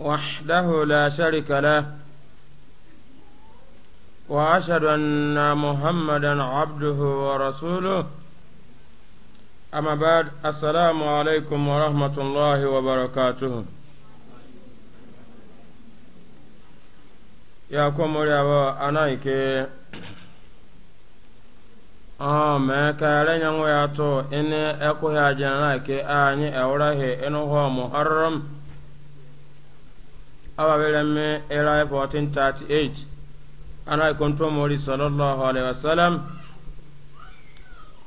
وحده لا شريك له واشهد ان محمدا عبده ورسوله اما بعد السلام عليكم ورحمه الله وبركاته يا كوموري ابا انايكي ome kare nyango ya to ene ekuhe ajana ke anyi ewrahe enu ho muharram awa bereme 1438 ana ikonto mori sallallahu alaihi wasallam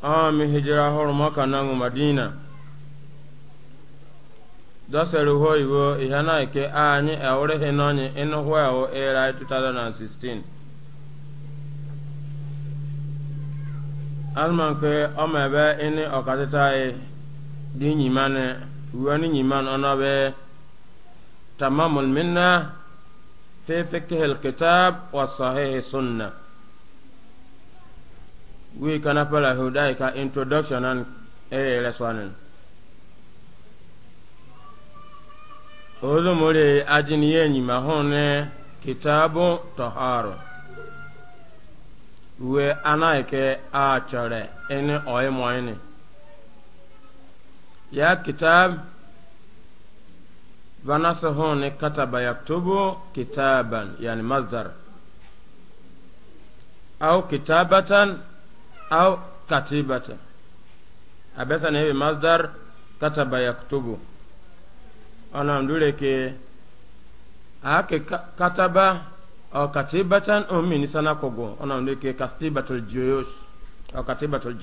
ami hijira horo maka nangu madina dasere ho iwo ihana ike anyi awore e hinonyi inu hwewo era 2016 almanke omebe ini okatitaye di nyimane wani nyiman onobe تمام المنة في فقه الكتاب والصحيح سنة وي كان فلا هدايك introduction and ايه لسوانن olumore ajiniyenyi mahone kitabu toharo we anaike achore ene oimoini ya kitab vanasehoni kataba yaktubu kitaban yani masdar au kitabatan au katibatan abesa hivi masdar kataba yaktubu onamduleke ake kataba au katibatan umini sana kogo ona ndule ke au katibatul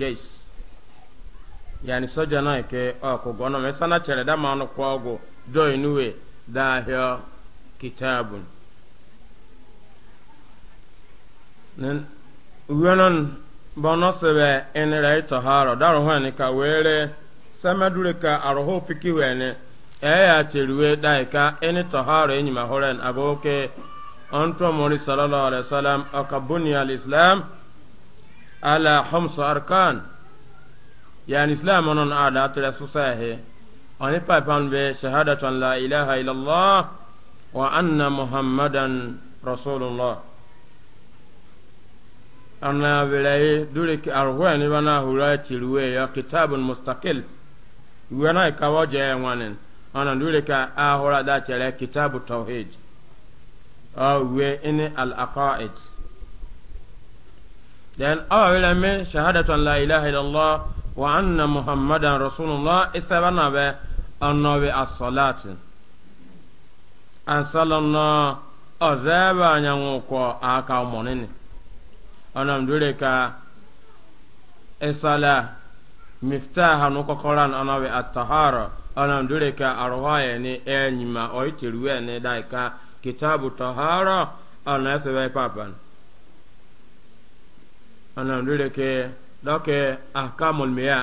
yani soja na ke ọkụ oh, gọnọ mesa na chere da ma ọnụkwa ọgwụ do inuwe da ahịa kitabun uwenon bọnọ sebe enere itoharo darụ hụ ni ka were semedure ka arụhụ piki wene eya cheruwe daika e eni toharo enyi ma horen aboke onto mori sallallahu alaihi salam, ọka buni islam ala hamsu arkan yani islam onon ada tere susahe oni paipan be shahadatan la ilaha illallah wa anna muhammadan rasulullah ana bilaye dure ki arhuwa ni bana hura tiruwe ya kitabun mustaqil wana kawo je wanen ana dure ka ahura da tere kitabu tauhid awe ini al aqaid then awawila me shahadatan la ilaha illallah wa anna muhammadan rasulullah isabana be annabi as-salati an sallallahu azaba aka monene anam dure ka isala miftaha no ko koran anabi at-tahara anam enyima oiteruwe ni daika kitabu tahara anasebe dɔke ahkamul miya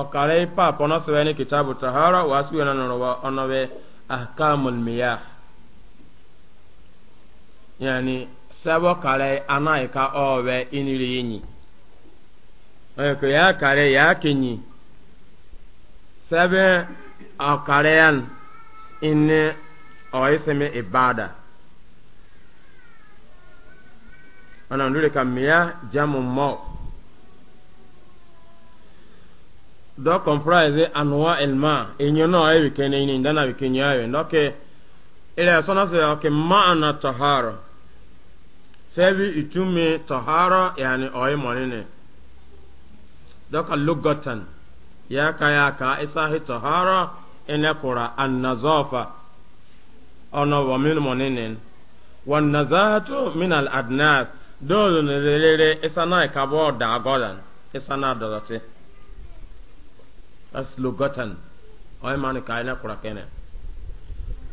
ɔkare pa pɔnɔ sɛbɛ kitabu tahara wa asu yana nɔrɔ wa ɔnɔ bɛ ahkamul miya yani sɛbɔ kare ana yi ka ɔɔbɛ iniri yi nyi ya kare ya kenyi sɛbɛ ɔkare yan inni ɔyi ibada ɔnɔ ndu ka miya jamu mɔɔ do comprise anwa elma enyo no e wikene ni ndana wikene yawe ndoke ile sona se oke maana tahara sebi itumi tahara yani oye monene doka lugatan ya ka ya ka isahi tahara ene kura annazafa ono wa min monene wan min al adnas dole ne lele isana ka bo da godan isana that's lugatan oy man ka ina kura kene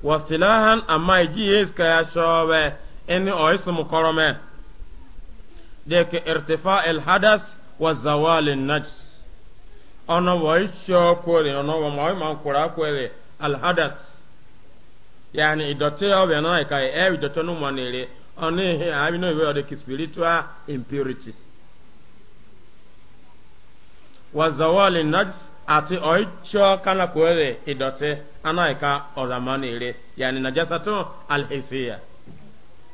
wasilahan amma ji yes ka ya shobe in oy sum korome de ke irtifa al hadas wa zawal al najs ono woy sho kore ono wo moy man kura kore al hadas yani idote obe na ka e idote no monere ono abi no we de spiritual impurity wa zawal al najs ati oicho kana kuwele idote anaika odhamani ile ya najasatu alhisia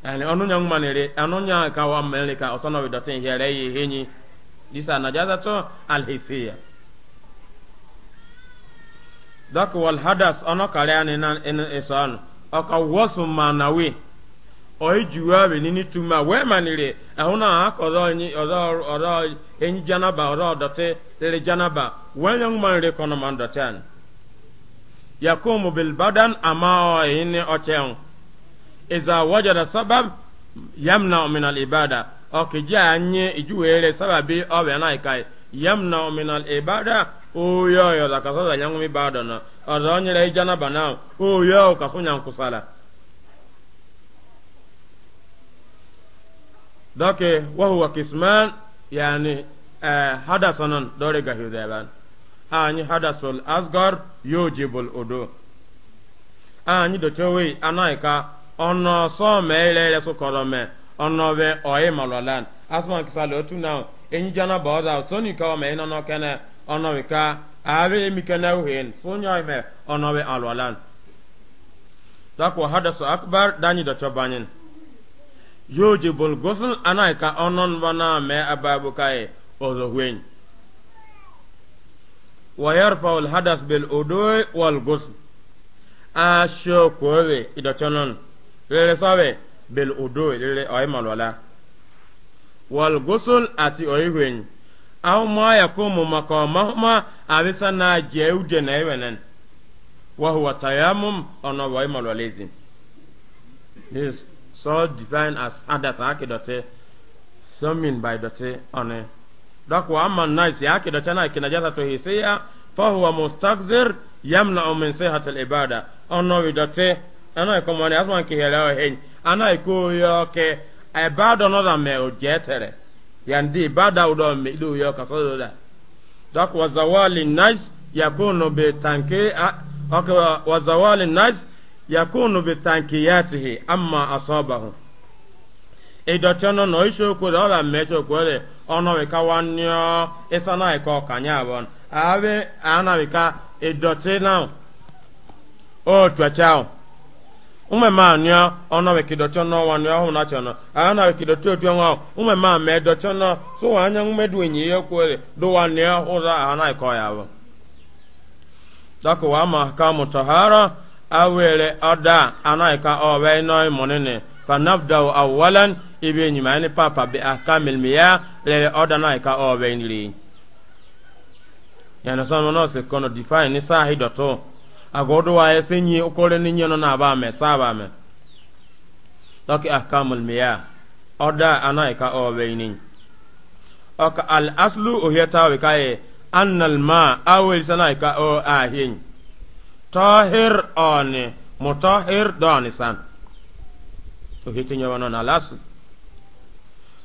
yani onunya ngumanile anunya ka wamelika osona widote hieleyi hinyi disa najasatu alhisia dak wal hadas ono kaleani nan en nini tuma enyi janaba lele wenyan man re kono man doten yakumu bilbadan badan ama ini ochen iza wajada sabab yamna min al ibada o ke ja anye ijuwere sababi o be na ikai yamna min al ibada o yo la ka so yangu mi bado na o do ijana bana oyo yo ka so nyan kusala doke wa kisman yani eh hadasanan dore gahidaban anyị hadasul asgar yojibul odo anyị dochewe anaghịka ọnọ sọ mee ire ire sụkọrọ mee ọnọ be ọyị malọlan asụma kisala otu na enyijana ba ọza soni ka ọma ịnọ n'ọkene ọnọ ka ahari emikene uhin sonye ọhịa ọnọ be alọlan dakwa hadasu akbar danyi docho banyin yojibul gosul anaghịka ọnọ nwa na mee ababukaghị ọzọ hwenyi ويرفع الحدث بالأدوء والغسل أشو كوي إذا تنون للي صابي بالأدوء للي أيما الولا والغسل أتي أيوين أو ما يقوم مقامهما أبسنا جيو جنيوين وهو تيمم أنا وأيما الوليزين This is so defined as Adas Akidote, summoned by Dote on it dako wa amma nais ya ke da tana ke najasa to hisiya fa huwa mustaqzir yamna min sihhat al ibada ono wi dote ana ko mo ne asman ke hela o hen ana ko yo ke ibada no da me o jetere yandi ibada u do me do yo ka so da dako wa nais yakunu bi tanki okay wa nais yakunu bi tankiyatihi amma asabahu ịdọcha nọ na isi okwu ọ bụ mmechi okwere ole ọnọbịka nwanne ịsa na ọkanya abụọ abị na otuacha ume ma nyo ono we kidocho no wa nyo hu na nwanyị ana we kidocho tu anya edu enyi okwere ana ya abụọ ma ka awere ọda ana ibe nyima ni papa bi akamil miya lele odana ka obe e ndiri yana sono no se kono define ni sahi doto agodo wa esenyi okore ni nyono na ba me saba me doki akamul miya oda ana e ka obe ni oka al aslu uhiyata wa kaye annal ma awil e sana ka o ahin tahir on mutahhir danisan to hitinyo wana na lasu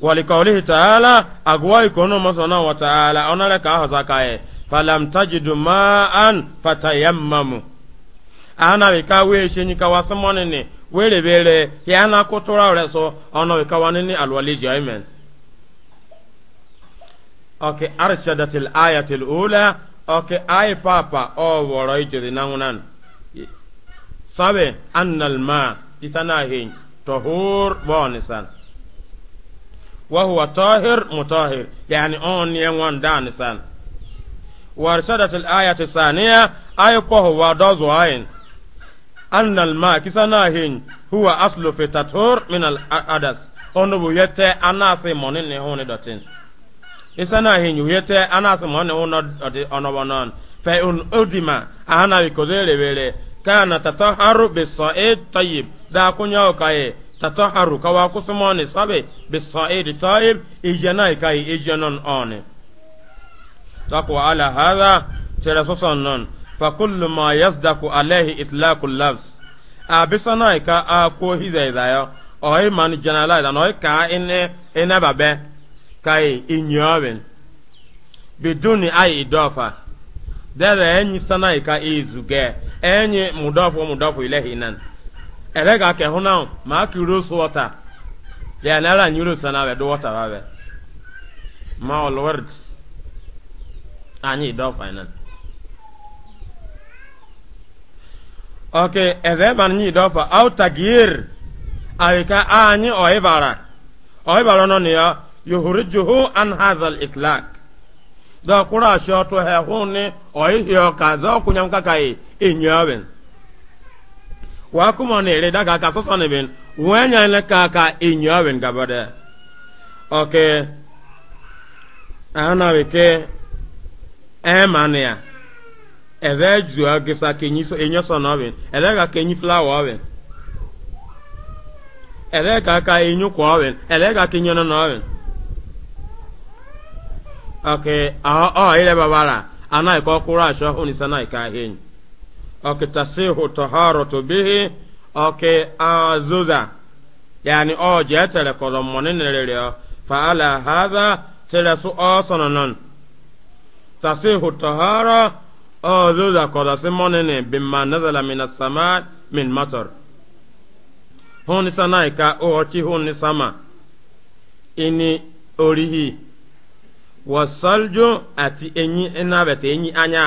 ولقوله تعالى أقوى يكون مصنع falam أنا لك أهزاك فلم تجد ماء فتيمم أنا بك ويشيني ni, wele bere ya na kutura reso ono ikawani ni alwali jaimen oke arshadatil ayatil ula oke ay papa o woro ijiri nangunan sabe annal ma itana hin tohur bonisan وهو طاهر مطاهر يعني اون يوان دان سان ورشدت الآية الثانية أي قوه ودوز وعين أن الماء كسناهين هو أصل في تطهر من الأدس ونبو يتى أنا في مونين نهوني دوتين إسناهين يتى أنا في مونين نهوني دوتين فإن أدما أنا بكذير بيلي كان تطهر بالصعيد طيب دا كن يوكاي tataharu kawa kusumoni sabe bisaidi taib ijanai kai ijanon oni takwa ala hadha tere soson non fa kullu ma yasdaku alayhi itlaqu lafs a bisanai ka a ko hizaizayo oyi man janala dan oyi ka ine ine babe kai inyoben biduni ai idofa dere enyi sanai ka izuge enyi mudofu mudofu ilahi nan elega ke hunam ma ki rose water ya na ra nyuro sana we do water ba we ma all words anyi do na. Ok eze ban nyi do fa a tagir awika anyi o ibara e o ibara e no ne an hadha al itlaq da kura shoto ni hunni o ihe o ka zo kunyam kakai wa kuma ne re daga ka so sone bin wanya ne ka ka inyo wen gabada oke ana weke e mania ebe ju agisa kenyi so enyo so no wen ele ga kenyi flower wen ele ga ka enyo kwa wen ele ga kenyo no no wen oke a o ile babara ana ko kura asho oni sana ka hen oke tasihu taharatu bihi oke azuza yani o je tele kodon monin rere fa ala hadha tele su o sononon tasihu tahara o zuza kodon si monin bimma nazala min as-sama min matar honi sanai ka o ochi honi sama ini orihi wasalju ati enyi enabete enyi anya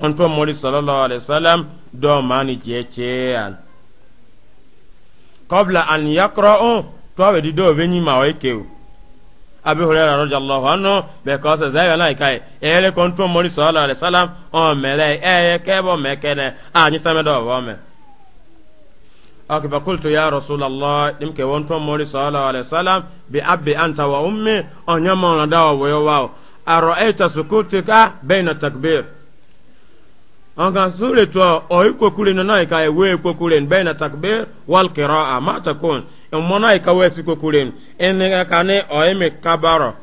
onto mori sallallahu alaihi wasallam do mani jeche an qabla an yaqra'u to be di do be ni ma wa ikewu abi hurairah radiyallahu anhu be ko se zai na kai ele kon to mori sallallahu alaihi wasallam o mele e ke bo mekene a ni same do bo me ok fa qultu ya rasulallah dim ke won to sallallahu alaihi wasallam bi abi anta wa ummi on na dawo wo yo wa ara'aita sukutika baina takbir anga sure to o ikokure no nai kai we kokure na takbir wal qiraa ma takun in mo ka we sikokure en ka ne o ime kabaro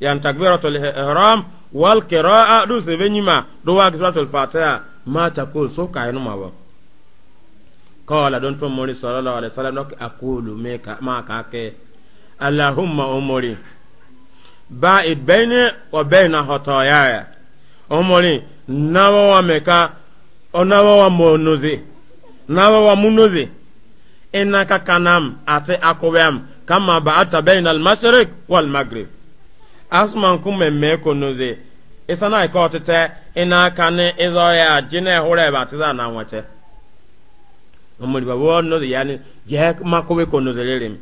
yan takbiratul ihram wal qiraa du se venyima do wa suratul fatiha ma takun so kai no mawo qala don to mori sallallahu alaihi wasallam nok aqulu me ka ma ka ke allahumma umuri ba'id baini wa baina hatayaya omori nawa wa meka onawa wa monozi nawa wa munozi innaka kanam ate akowem kama ba'ata bayna al-mashriq wal maghrib asman kumme me konozi isana iko otete inaka ni izo ya jine hure ba tiza na nwache omori bawo nozi yani je makowe konozi lelim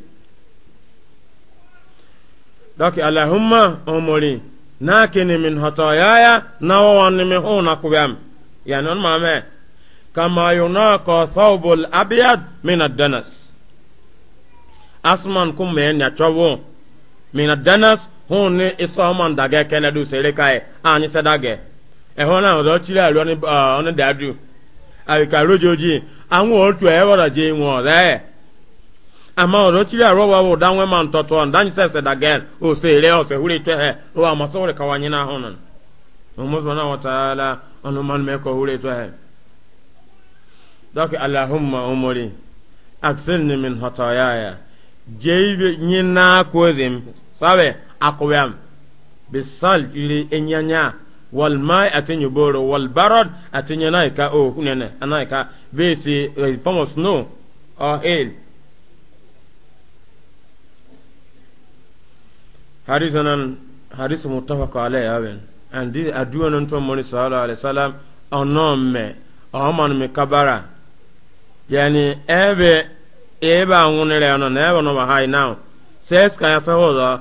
doki allahumma omori nakini min hatoyaya nawawani mi huna kubem yani on mame kama yunaka thawbul abyad min ad-danas asman kum ya chowo min ad-danas huni isoman dage kene du sele kai ani sadage e hona odo chile alu oni ah, dadu ayi rojoji anwo otu e wora je ama ọdọ chiri arọ wa wọ danwe ma ntọtọ ọnụ danyi sẹsẹ da gẹn o se ere ọsẹ wuli tẹ hẹ o wa ma sọwọri kawa nyina ahụ nọ mọmọsọ náà wọ taala ọnụ mmanụ mẹkọ wuli tẹ hẹ dọkị alahumma umuri aksin min họtọyaya jeibe nyina m sabe akwem bisal iri enyanya walmai atinye boro walbarod atinye naika o hunene anaika besi eh, form of snow or hail hadisa nan hadisa muttafaq alayhi aben and this aduwa nan to moni sallallahu alaihi wasallam onon me oman me kabara yani ebe ebe anwunere ono na ebe no ma hai now says ka ya fahoda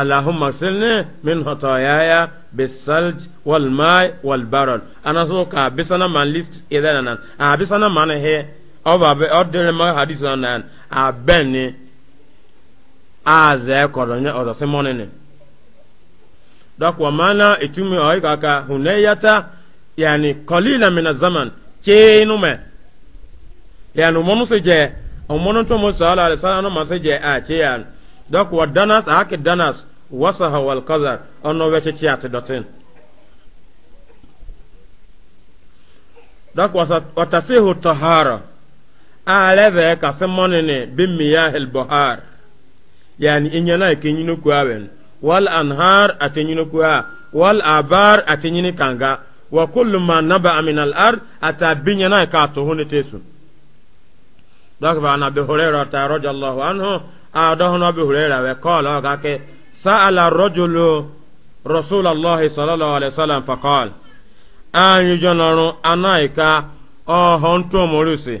اللهم اغسلني من خطاياي بالثلج والماء والبرد انا سوكا بسنا من ليست اذا انا بسنا من هي او بابي او دل ما حديثنا ابني aze kɔdɔ nye ɔdɔ simɔni ne dɔk wa mana itumi ɔyi kaka huneyata yani la mina zaman kyeenu mɛ yani mɔnu si jɛ ɔmɔnu tumu sɔɔla ali sɔɔla ma si jɛ a kyeyan dɔk wa danas a haki danas wasaha wal kɔzar ɔnu wɛ kyekyɛ ati dɔtin dɔk wa tasihu tɔhara a lɛ bɛ ka simɔni ne bi miyahil bɔhara yani inyana ke nyino kuawen wal anhar atenyino kuwa wal abar atenyini kanga wa kullu ma naba min al ard atabinyana ka to hone tesu dak ba na bi hurayra ta radiyallahu anhu adahu na bi hurayra wa qala ga ke sa'ala ar-rajulu rasulullahi sallallahu alaihi wasallam faqala an yujonaru anaika ohon to morusi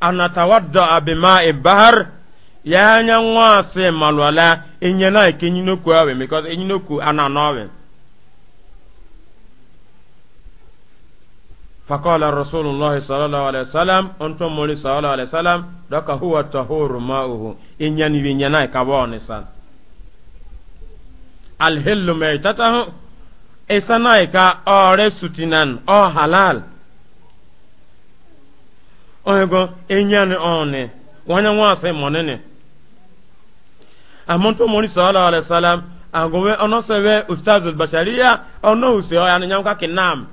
anatawadda bima ibahar ya anya nwa asị malwala inye na ike nyinoku awe because enyinoku ananawe فقال رسول الله صلى الله عليه وسلم انتم مولى صلى الله عليه وسلم دك هو الطهور ماؤه ان ينوي يناي كبونسا الهل ميتته اسنايكا اورسوتينان او حلال oyego enyani one wanya nwase monene amonto moni sallallahu alaihi wasallam agowe ono sewe ustazul basharia ono use oyan nyam ka kinam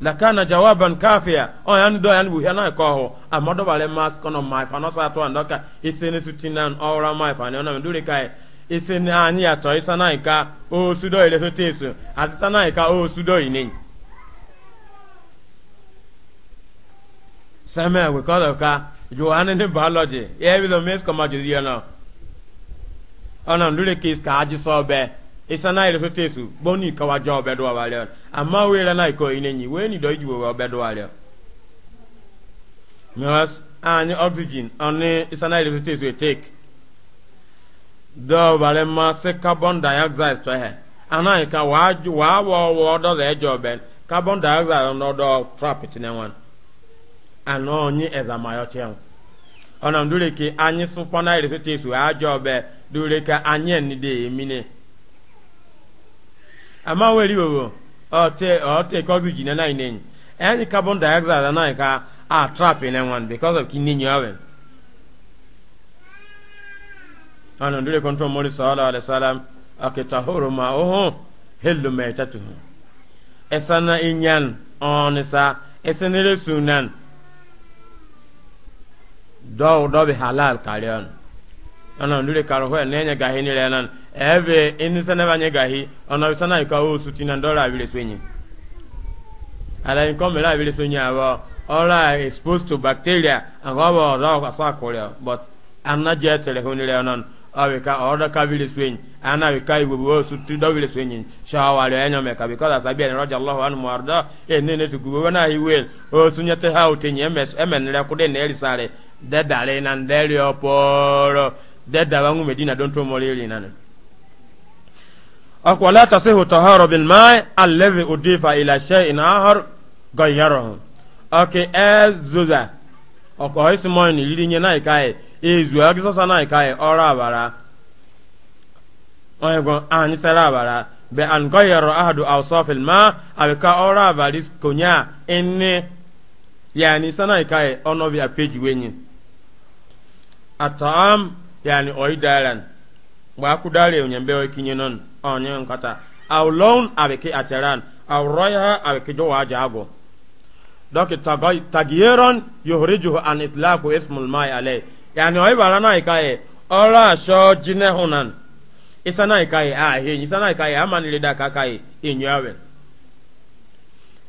lakana jawaban kafia oyan do yan bu yana ko ho amodo bale mas kono mai fano sa to andoka isene sutinan ora mai fano na ndure kai isene anyi ato na nka o sudo ile so tesu na nka o sudo ine sɛmɛ we kɔlɔ ka yohane ne biology yɛ bi lɔ mes kɔma joli yɛ nɔ ɔnà lórí kis ka adi sɔ bɛ isana yɛrɛ fɛ tɛsu bɔnni kawa jɔ ɔbɛ do wa lɛ ama wo yɛrɛ n'a yi kɔ yi ne nyi wo yɛ ni dɔ yi wo ɔbɛ oxygen ɔni isana yɛrɛ fɛ tɛsu yɛ tek dɔw ba lɛ carbon dioxide tɔ hɛ ana yi ka waa wɔ wɔ dɔ lɛ jɔ carbon dioxide ɔnɔ trap ti ne wɔn. anọ onye ezamayọchịa ọnọ ndure ke anyị sụpọna irisite isu ajọ ọbẹ dure ka anyị enide emine ama weri wowo ọte ọte kọbi jina na nenyi ẹni carbon dioxide na ka a trap in ẹwọn because of kini nyọ ọwẹ ọnọ ndure kọntrol mori sọọla alayisalam ọkẹta horo ma ohun helu mẹtẹtu ẹsana inyan ọnisa ẹsẹnere sunan. dɔw dɔ bɛ halal kariya no ana ndure karo ho ne nya gahi ni lenan eve ini sana banye gahi ona sana ka o suti na ndora abire swenye ala in come la abire swenye aba ora exposed to bacteria and go ba ora but anna je ho ni awe ka order ka vile swen ana we kai wo wo sutti do vile swen shawa le anya me ka bi kala sabi an radiyallahu anhu arda e eh, ne ne tugu wana hiwe o sunyete ha utenye ms emen le kude ne risare de dare na ndere oporo de da wangu medina don to moleli nan akwa la tasihu tahara bil ma'i alladhi udifa ila shay'in ahar gayyarahu okay ezuza ọkọ̀ ọ̀hísímọ́ ni rírí yẹn na ìka ezu agi na ika e ọrụ abara onye gwọ ah, anyị sara abara be an goyero ahadu ausofil ma abika ọrụ abari konya inni yani sana ika e ọnọbi apeji wenyi atam yani oidaran gba kudare onye mbe okinye non onye nkata aulon abike acharan auroya abike jowa aja agwọ dɔki tagiyeron yohorijuhu an itlaku ismul mai alayhi yani oyi bara na ikaye ọrọ aṣọ jinẹ hunan isa na ikaye a hin isa na ikaye amanile da kakaye inyawe e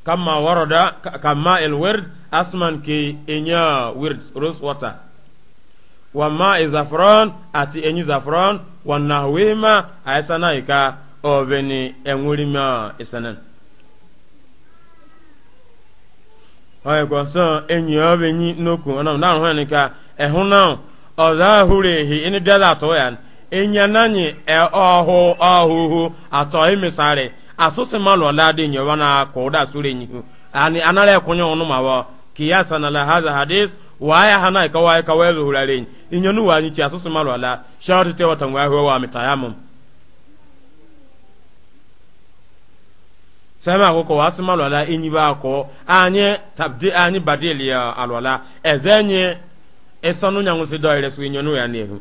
kama warada kama alwird asman ki inya e wird rose water wa ma izafron e ati enyi zafron wa nahwima aisa na ika obeni enwurima isanan oye gwasan enyi obeni n'okwu ọnọdụ ahụ ka. ehuna ọza hụrụ ehi ịnị dela atụ ya ịnya nanyi e ọhụ ọhụhụ atọ imisari asụsị mmanụ ọla dị nyewa na akọ kụda sụrụ enyihu ani anara ekwunye ọnụ ma wọ kiyasa na la haza hadis waya hana ikawa ikawa elu hurare inyonu anyị nyichi asụsụ mmanụ ọla shawari tewa tangwa ahụ wa mitayamum sɛmɛ akoko waasi ma lɔla enyi baa kɔ anyi tabdi anyi badeli alɔla ɛzɛ nye esonu nyangu si doire su inyonu ya nehu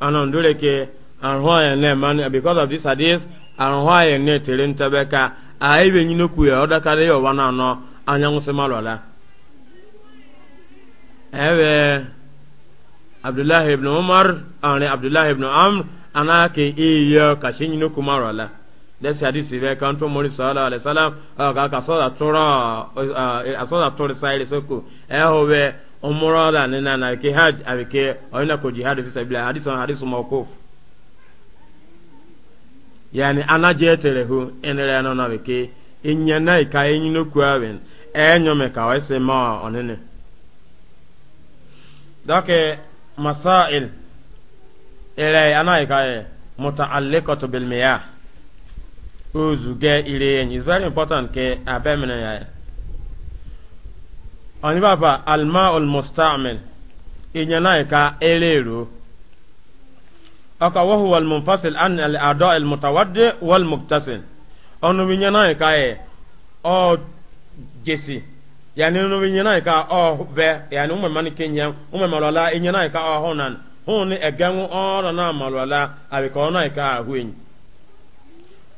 anon dole ke arhuwa ya ne man because of this hadith arhuwa ya ne tere ntabeka a ibe nyino ku ya odakare ya wana no anyangu si malola ewe abdullahi ibn umar ani abdullahi ibn amr ana ke iya kashin nyino ku malola dɛsi hadisi bɛ kan tó mori sɔɔla alẹ salam ɔ k'a ka sɔɔda tóra ɔ a sɔɔda tóri sayiri soko ɛhɔ bɛ ɔmɔrɔ la ne nana a bɛ kɛ hajj a bɛ kɛ ɔyina ko jihad fi sabila hadisi wɔn hadisi ma ko yanni anajɛ tere ho ɛnɛrɛ nɔ na a bɛ kɛ ɛnyɛnna yi ka ɛnyini kua bɛ ɛnyɔmɛ ka ɔyɛsɛ ma ɔnene dɔkɛ masail ɛrɛ anayi ka yɛ eh, mutaalekɔtɔ bilimiyah. ozuge ire yenyi is very important ke abemene ya oni baba alma ul mustamil inyana ka eleru aka wa huwa al munfasil an al ada al mutawaddi wal muktasil onu binyana ka e o jesi yani onu binyana ka o ve yani umma man kenya umma malala inyana ka o honan hon egamu ora na malala abi ka ona ka ahuenyi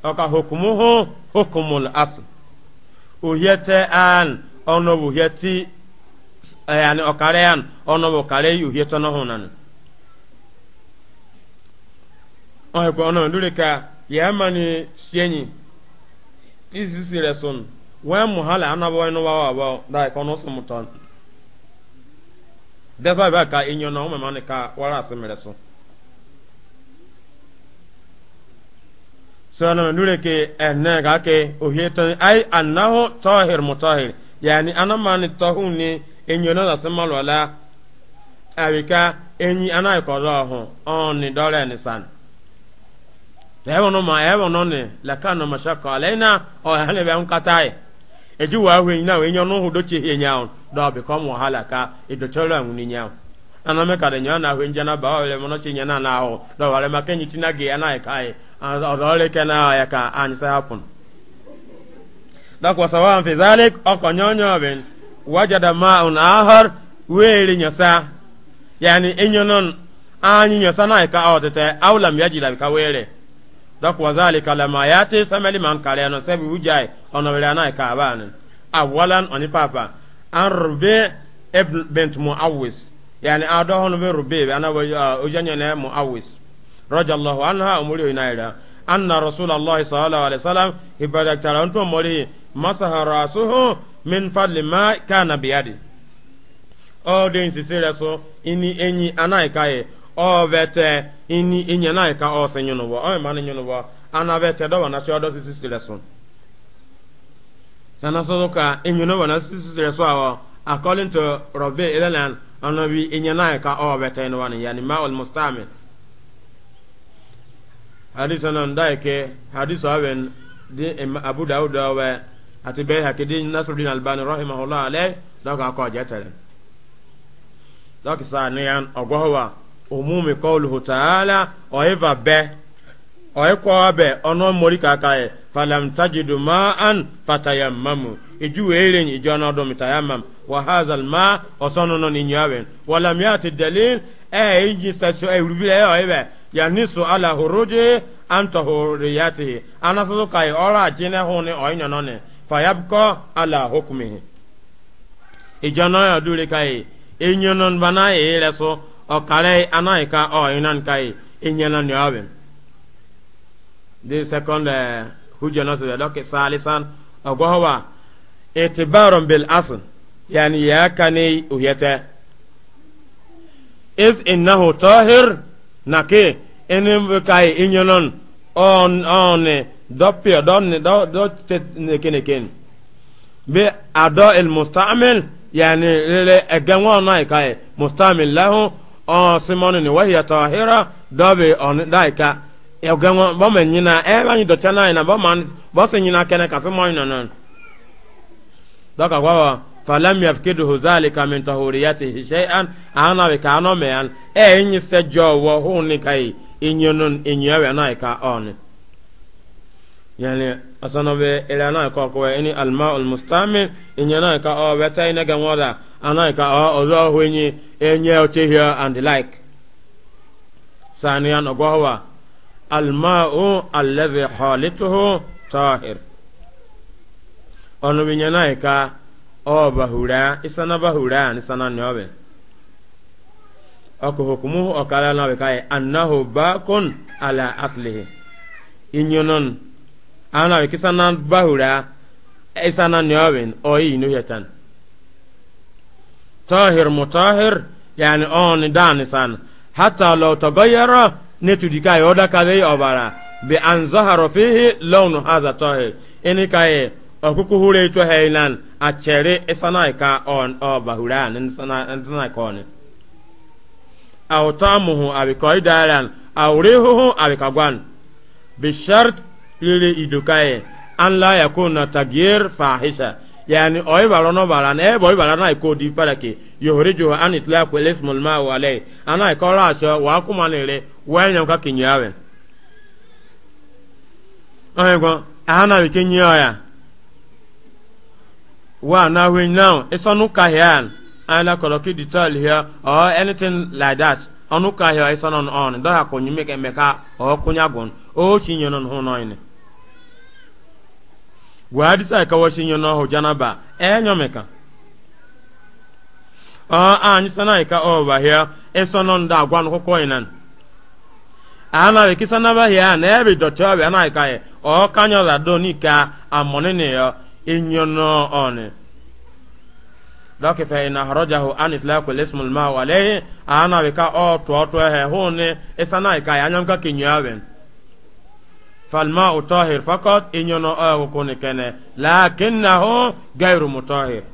ọka hukumuhu hukumul asl uhiete an ono e, yani an ono bukare uhieto no hunan oye ko ono ndurika yamani na isi sire sun wen muhala anabo eno wa wa da ko no sumuton defa ba ka inyo no mama ka wara sɔɔna nure ke ɛnɛ ka ke ohie tɔn ayi anahu tɔhir mutɔhir yaani ana tɔhun ni enyona la sima lɔla awi ka enyi ana ikɔdɔ ɔhun ɔn ni dɔlɛ ni san ma ɛwɔ ni laka no ma sɔkɔ ɔhɛn bɛ nkata yi eji wa ahu enyina wo enyɔnu hu do ha laka ni ana me kada nya na hwenja na ba wale mono chi nya na na ho do wale makenyi tina ge ana e kai azole kana ya ka an sa hapun da kwa sawa fi zalik akonyonyo bin wajada ma'un ahar weli nyosa yani enyonon anyi nyosa na e ka odete awlam yajila ka wele la kwa zalika lama yati samali man kale no sebi ujai ono wele na e ka awalan oni papa an rubi ibn yani adohon be rubebe ana wa ah, na mu awis radiyallahu anha umuri inaira anna rasulullahi sallallahu alaihi wasallam ibada tara nto mori masaha rasuhu min fadli ma kana biyadi o de so ini enyi anaika ye o ini enyi anaika ma ana ono bi inyana ka o oh, beten wani yani ma'ul mustamil hadisa nan da ke hadisa awen di abu daud wa ati bai hakidi nasruddin albani rahimahullah alayh da ka ko jetare da ki sa ne yan ogowa umumi qawluhu ta'ala o eva be o e ko be ono mori ka kai falam tajidu ma'an fatayammamu iju ere ni ijo do mitayammam wa hadha alma osono no ni nyawen wala miati dalil e yiji sacho e rubile e ebe ya nisu ala huruji anta huriyati anaso kai ora jine hone oinyo no ne fayabqa ala hukmihi ijana ya dure kai enyonon bana e leso okare anaika oinan kai enyanan nyawen the second uh, hujja nasu da lokaci salisan ogohowa itibaron bil asl yani ya kane uhiyata is innahu tahir ke enim kai inyonon on on doppio don do do kene ken be ado el mustamil yani lele eganwa onai kai mustamil lahu o simoni ni wahiya tahira dobe on daika eganwa bomen nyina e banyi do chana na boman bosen nyina kene ka simon nonon doka gwawa falam yafkiduhu zalika min tahuriyatihi shay'an ana we ka no me an e nyi se jowo huni kai inyonun inyewe na ka on yani asano be ila na ko ko ini almaul mustami inyana ka o beta ina ga ngoda ana ka o ozo hwenyi enye otehia and like sani an ogwa almau alladhi halituhu tahir onu binyana ka o bahura isana bahura ni sana nyobe Ọkụ hukumu o kala na be kai annahu bakun ala aslihi inyonon ana be kisana bahura isana nyobe o inu yatan tahir mutahir yani on dan san hatta law tagayyara netudika yoda kale obara bi an zahara fihi launu hadha tahir ini ọkụkụ hụrụ to heinan a chere isanaika on o bahura nan isanaika on aw tamuhu abikoi daran aw rihuhu abikagwan bi shart lili idukaye an la yakuna tagyir fahisha yani oy baro no bara ne boy bara na ko di para ke yohrijo an itlaq wal ism al ma'u alay ana ko ra so wa kuma ne re wa nyam ka kinyawe ay go ana bi kinyawe wa na when ịsọ e it's onu ka here ala koloki detail here or anything like that onu ka here it's on on do meka o kunya gon o chinyo non ho noin wa ka janaba enyo meka anyi sana e ka here inan ana ba here na e na ka e o la do ni ka amone ne yo inyono one dɔki fɛ ina harajahu an itlaku lismu ma walehi ana bi ka ɔ tɔ tɔ hɛ hone isana ka ya nyam ka kinyoya ben falma utahir fakat inyono ɔ ko ne kene lakinnahu gairu mutahir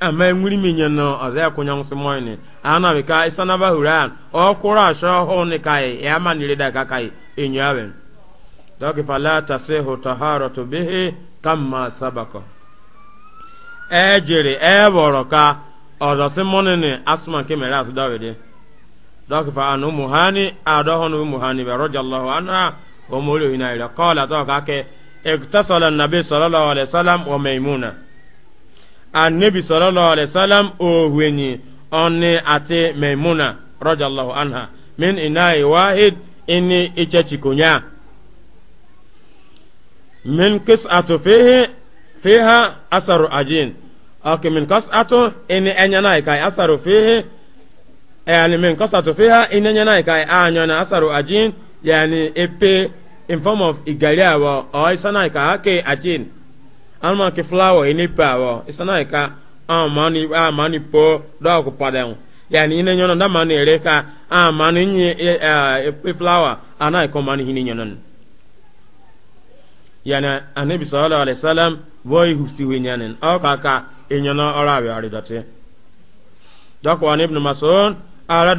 amma nwiri mi nyano azaya kunya musumoini ana bi ka isana ba huran ɔ kura sho hone kai ya manire da ka kai inyoya ben dɔki fala tasihu taharatu bihi kama sabako ejere eboro ka ọdọsi mọnini asuma nke mere asụ dawidi dọkịta anụ muhani adọhọnụ muhani bẹ rọja allahu anha omori oyin ayira kọla tọ ka ke ekutasola nabi sallallahu alaihi salam wa maimuna anabi sallallahu alaihi salam ohwenyi ọni ati maimuna rọja allahu anha min inayi wahid ini ichechikonya. min kis'atu fihi fiha asaru ajin ok min kas'atu ini enyana kai asaru asaru ajin yani epe in form of igaria wo o isana ka ake ajin alma ke flower ini pa wo isana ka amani amani po do ere ka amani nyi e flower mani hini yani anabi sallallahu alaihi wasallam boy husi winyanin o kaka inyono orawi aridate dako an ibn mas'ud ara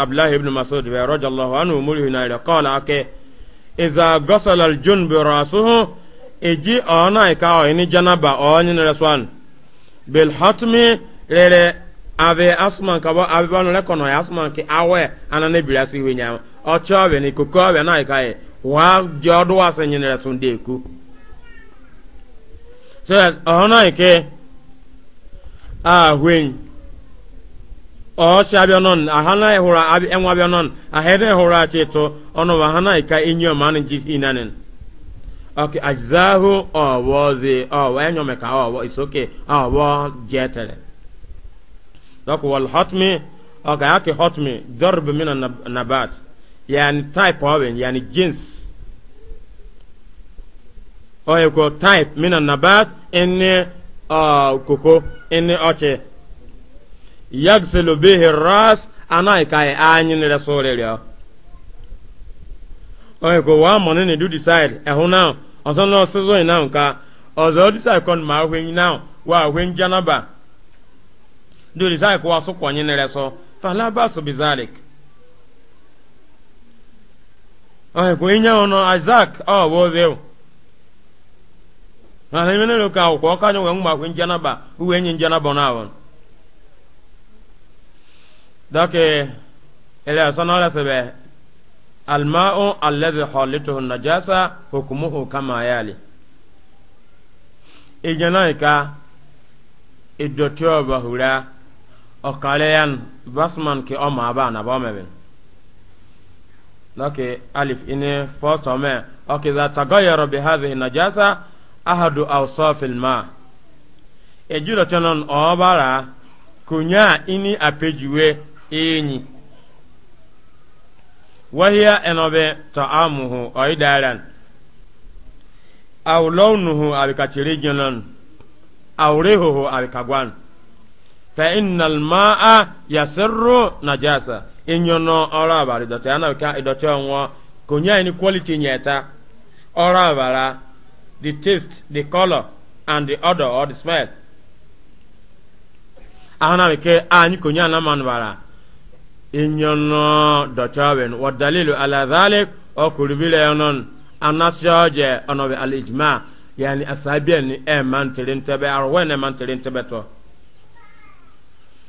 abdullah ibn mas'ud wa radiyallahu anhu mulhi na ila qala ake iza ghasala al junb rasuhu eji ona ka o ni janaba o ni raswan bil hatmi rere ave asman ka ba ave banu asman ki awe birasi o ni na ikaye wa jodu wa sanyin da sun de ku so ona ke a hwen o shabio non a hana e hura abi enwa bio non a hede hura che to ono wa hana ka inyo man ji inanen okay ajzahu o wozi o wa enyo me ka o is okay o wo jetere dok wal hatmi okay aki hatmi darb min nabat yani type oven yani jins oye ko type mina nabat inni uh, koko inni oche yagsilu bihi ras anai kai anyi ni resore rio oye ko wa mo ni do decide ehu na ozo no sozo ina nka ozo decide kon ma hwen na wa hwen janaba do decide ko su kwonyi ni reso fala basu bizalik ohe ku inye ono azak o wo zeu na ne mene ka o ko ka nyo ngma ku njana ba uwe nyi njana bona awon dake ele asana la sebe alma'u alladhi halituhu najasa hukumu kama yali ijana ka idotyo bahura okaleyan basman ki o ma ba na ba لك ألف إن فوسما وكذا تغير بهذه النجاسة أحد أوصاف الماء ejiro chonon obara kunya ini apejuwe enyi wahia enobe ta'amuhu oidaran aw launuhu abikachirijinon aw rihuhu abikagwan فإن الماء يسر نجاسة إن ينو أرى باري دوتي أنا بكا إدوتي أنو كونيا إني كواليتي نيتا أرى بارا the taste the color and the odor or the smell أنا بكا أني كونيا نمان بارا إن ينو دوتي أبن والدليل على ذلك أو كربيل ينون أنا سيوجي أنا بالإجماع يعني أصحابي أمان تلين تبه أروين أمان تلين تبه تو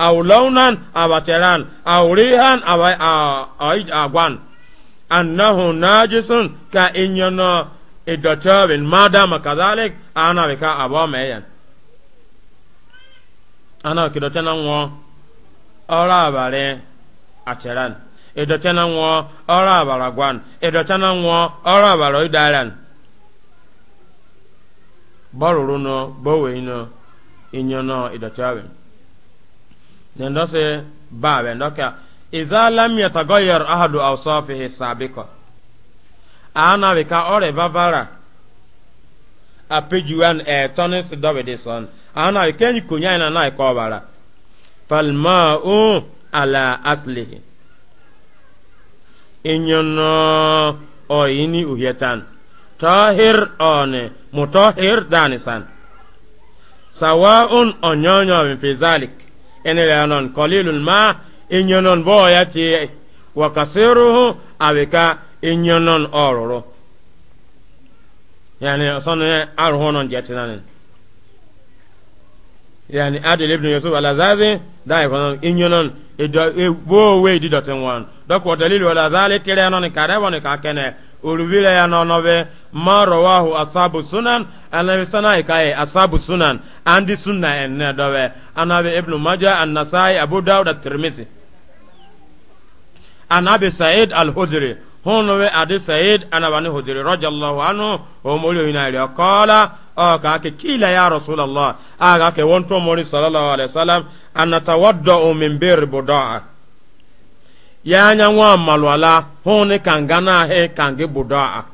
aw launan abateran aw rihan agwan annahu najisun ka inyana idotobin madama kazalik ana bika abo meyan ana kidote na nwo ọrụ abalị ateran idote na nwo ọrụ abara gwan idote na nwo ọrụ abara idaran bọrụrụ no bowe no inyana idotobin nendo se bawe ndoka idza lam yataghayyar ahadu awsafihi sabiqa ana we ka ore bavara apejuan e tonis son ana we kenyi kunya na na ko bara o ala aslihi inyono oyini uhietan tahir one mutahir danisan sawa'un onyonyo fi zalik ene la non qalilul ma inyonon bo ya ti wa kasiruhu abika inyonon ororo yani sonu arhonon nani? yani adil ibn yusuf al-azazi da ikonon inyonon bo e, we di dotin wan dok wa dalil wala zalika la non kare won ka kene urubile ya non be ma rawahu ashabu sunan annabi sana kai ashabu sunan andi sunna en ne dowe anabi ibnu majah an-nasai abu daud at-tirmidhi anabi sa'id al-hudri hono we adi sa'id anabani hudri radiyallahu anhu o mo lo ina ri o ka ke kila ya rasulullah aga ke wonto moni sallallahu alaihi wasallam an tawaddu min bir budaa ya nya nwa malwala hone kangana he kange budaa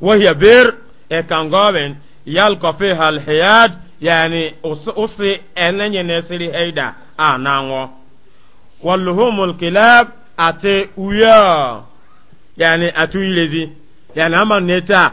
wa hiya bir e kangoben yalqa fiha alhiyad yani usi enenye nesiri heida ananwo walluhumul kilab ate uya yani atu ilezi yani ama neta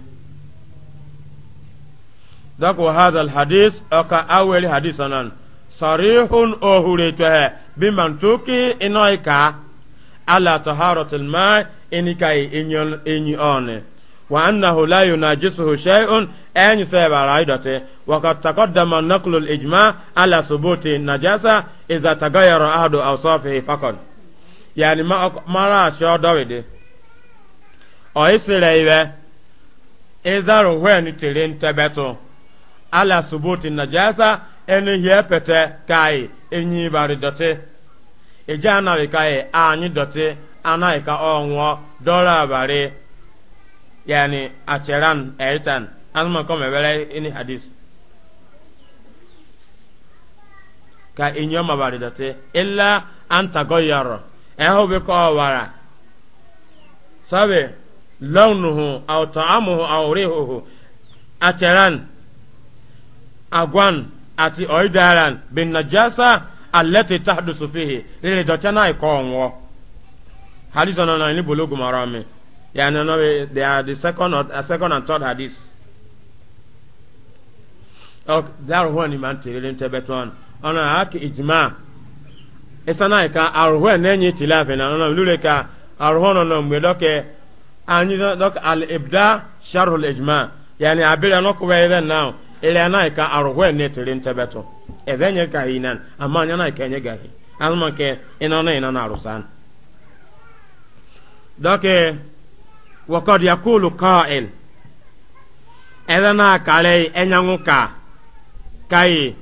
ذاك وهذا الحديث أكا أول حديث أنا صريح أهوريته بمنطوقي إنايكا على طهارة الماء إنيكاي إنيون إنيون وأنه لا يناجسه شيء أن سبب رايدته وقد تقدم نقل الإجماع على ثبوت النجاسة إذا تغير أحد أوصافه فقط يعني ما مرا شو داويد أو إسرائيل إذا روحه نتلين تبتو ala subuti najasa ene hie pete kai enyi bari dote eje anaghị kai anyị dote anaghị ka ọ nwụọ dọrọ abalị yani acheran eitan azuma kọma were ini hadis ka enyi ọma bari dote illa antagoyaro ehu bi ka ọwara sabe launuhu au ta'amuhu au rihuhu acheran agwan ati oidaran bin najasa allati tahdusu fihi lele dɔkya na ikɔ ɔnwɔ hadith ɔnɔ na ni bologu mara mi yaani ɔnɔ bi they are the second or uh, second and third hadith ɔk daaru hɔ ni ma tere ne tɛbɛ tɔn ɔnɔ haki ijima isana ika aruhu ne nyi tilafi na ɔnɔ lule ka aruhu nɔnɔ mgbe dɔkɛ anyi dɔkɛ al ibda sharhul ijima yaani abiri ɔnɔ kubɛ yi bɛ naaw. ile na ka arugwe ne tiri ntebeto ebe nye ka hinan ama nya na ka nye gahi azuma ke na ina na arusan dake wa qad yaqulu qa'il ebe na kale enyanwu ka kai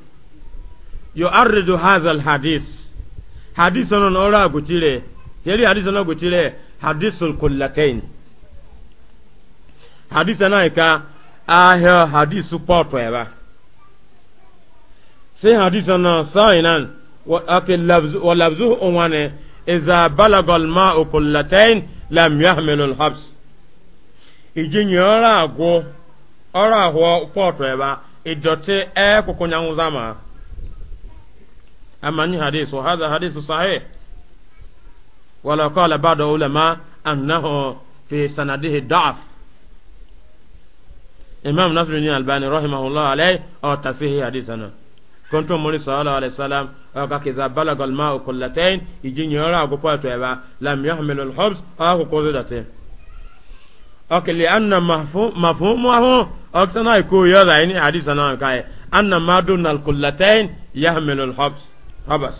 yu'arridu hadha alhadith hadith non ora gutire yeri hadith non gutire hadithul kullatain hadith ka ahịa hadis pọtụ ebe si hadis na sọinan walabzu onwane iza balagol ma okullatain lam yahmilul habs iji nye ọrụ agwụ ọrụ ahụ pọtụ ebe idọtị ekwụkwụ nyanwụ zama أما أن حديث وهذا حديث صحيح ولو قال بعض العلماء أنه في سنده ضعف imam nasiruddin albani rahimahullah alayhi o tasihi hadisana konto mori sallallahu alaihi wasallam o ka kiza balaga al ma'u kullatayn iji nyora go pato eba lam yahmilu al hubs ahu kozodate ok li anna mafhum mafhumuhu o sana ko yara ini hadisana kai anna madun al kullatayn yahmilu al hubs habas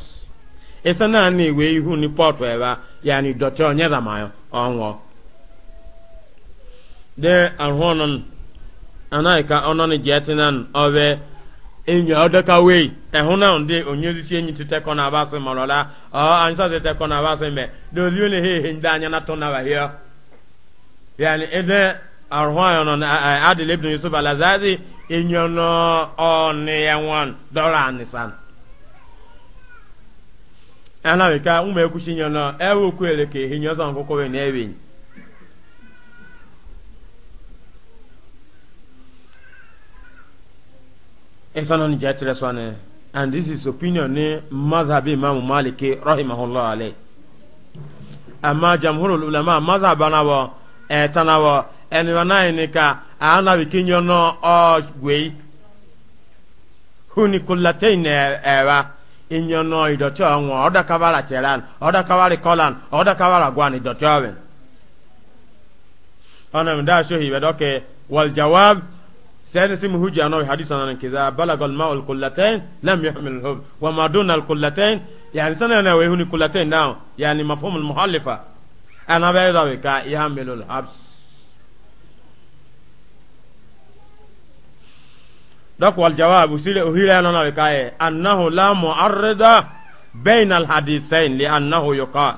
isana ni we ihu ni pato eba yani dote onyeza mayo onwo de arhonon anaghịka ọnọnụ ji etinan ọwe enyo ọdọka wei ehuna ndị si enyi tutekọ na abasị mọrọla ọ anyị anyịsazi tekọ na abasị mbe dozie onye ha ehe ndị anya na tụna wahịa yani ede arụhụ anyị nọ adịla ibnu yusuf alazazi enyo ọnụ ya nwan dọrọ anisan anaghịka ụmụ ekwuchi nyo nọ ewe okwu ele ka ehi nyozọ nkụkọ wei na-ewenyi إنسان جاتر سوانه and this is opinion ni eh, mazhab imam maliki rahimahullah alayh amma jamhurul ulama mazhab na eh, wa etana wa eni wana ni ka ana bikinyo no o gwei huni kullatain eh, ewa inyo no idoti onwo oda kawara cheran oda kawara kolan oda kawara gwan idoti owen ona mda shohi jawab سيدنا سم هجي أنا حديث أنا كذا بلغ الماء القلتين لم يحمل الحب وما دون القلتين يعني سنة أنا ويهوني قلتين ناو يعني مفهوم المخالفة أنا بيضا بكا يحمل الحبس دوك والجواب سيري أهيلا أنا بكا أنه لا معرض بين الحديثين لأنه يقال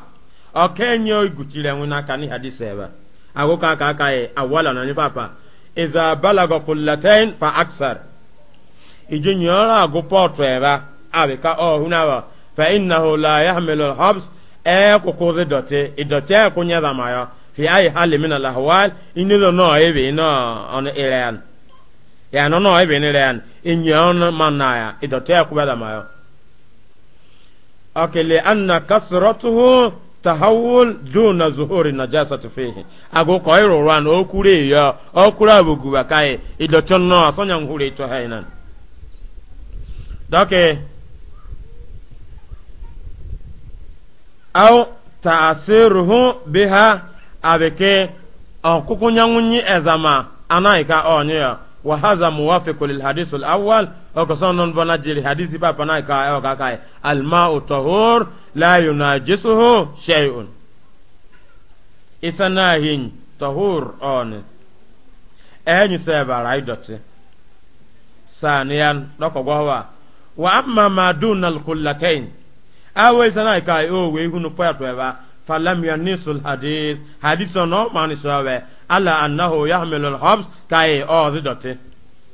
أكين يوي قتيلا هناك حديث هذا أقول كاكا أولا نبابا iza balaga kullatain fa aksar iji nyora agu potu eba abi ka o huna fe fa innahu la yahmilu alhabs e kukuzi dote idote kunya zamaya fi ayi hali min alahwal inido no ebe no on ya no no ebe irean inyon manaya mayo anna kasratuhu tahawul duna zuhuri najasati fihi ago koiro ran okure ya okura bugu bakai idoton no asonya ngure to hainan dake au ta'asiruhu biha abeke okukunyangunyi ezama anaika onyo وهذا موافق للحديث الأول وكسان نبنا جري حديث بابا نايكا وكاكاي الماء طهور لا ينجسه شيء إسناهين طهور أون أين سيبا رايدوت ثانيا لكو غوا وأما ما دون القلتين أو إسناهيكا أو ويهون بياتو falam yanisul hadis hadis no mani sawe ala annahu yahmilu alhabs kai o zidote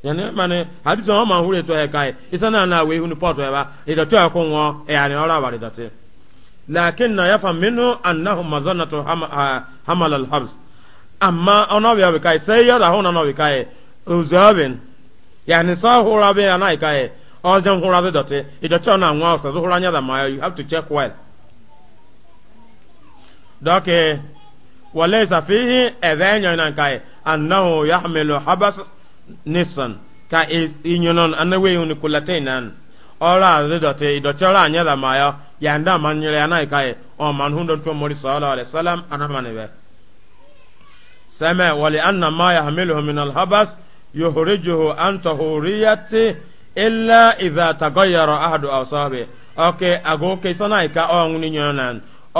yani mani hadis no man hure to he kai isana na we hunu poto e ba idote akon wo e ani ora wa idote lakinna yafam minhu annahu mazanatu hamal alhabs amma ona we kai sai ya da hona no we kai uzabin yani sa hura be anai kai ojan hura be dote idote na nwa so hura nya da ma you have to check well donc euh, walaysa fihi evenyo eh, nan kai annahu yahmilu habas nisan ka inyonon anawe yuni kulatainan ọrọ àrídọ̀tẹ̀ ìdọ̀tíọ́rọ̀ ànyẹ́dà máyọ́ ọrụ máa ń yẹrẹ aná ìka yẹ ọ̀n máa ń hún dọ̀tún mọ́rí sọ́ọ́lọ́ rẹ̀ sálám anamánibẹ̀. sẹ́mẹ̀ wali anna máa yà hamilu alhabas ahadu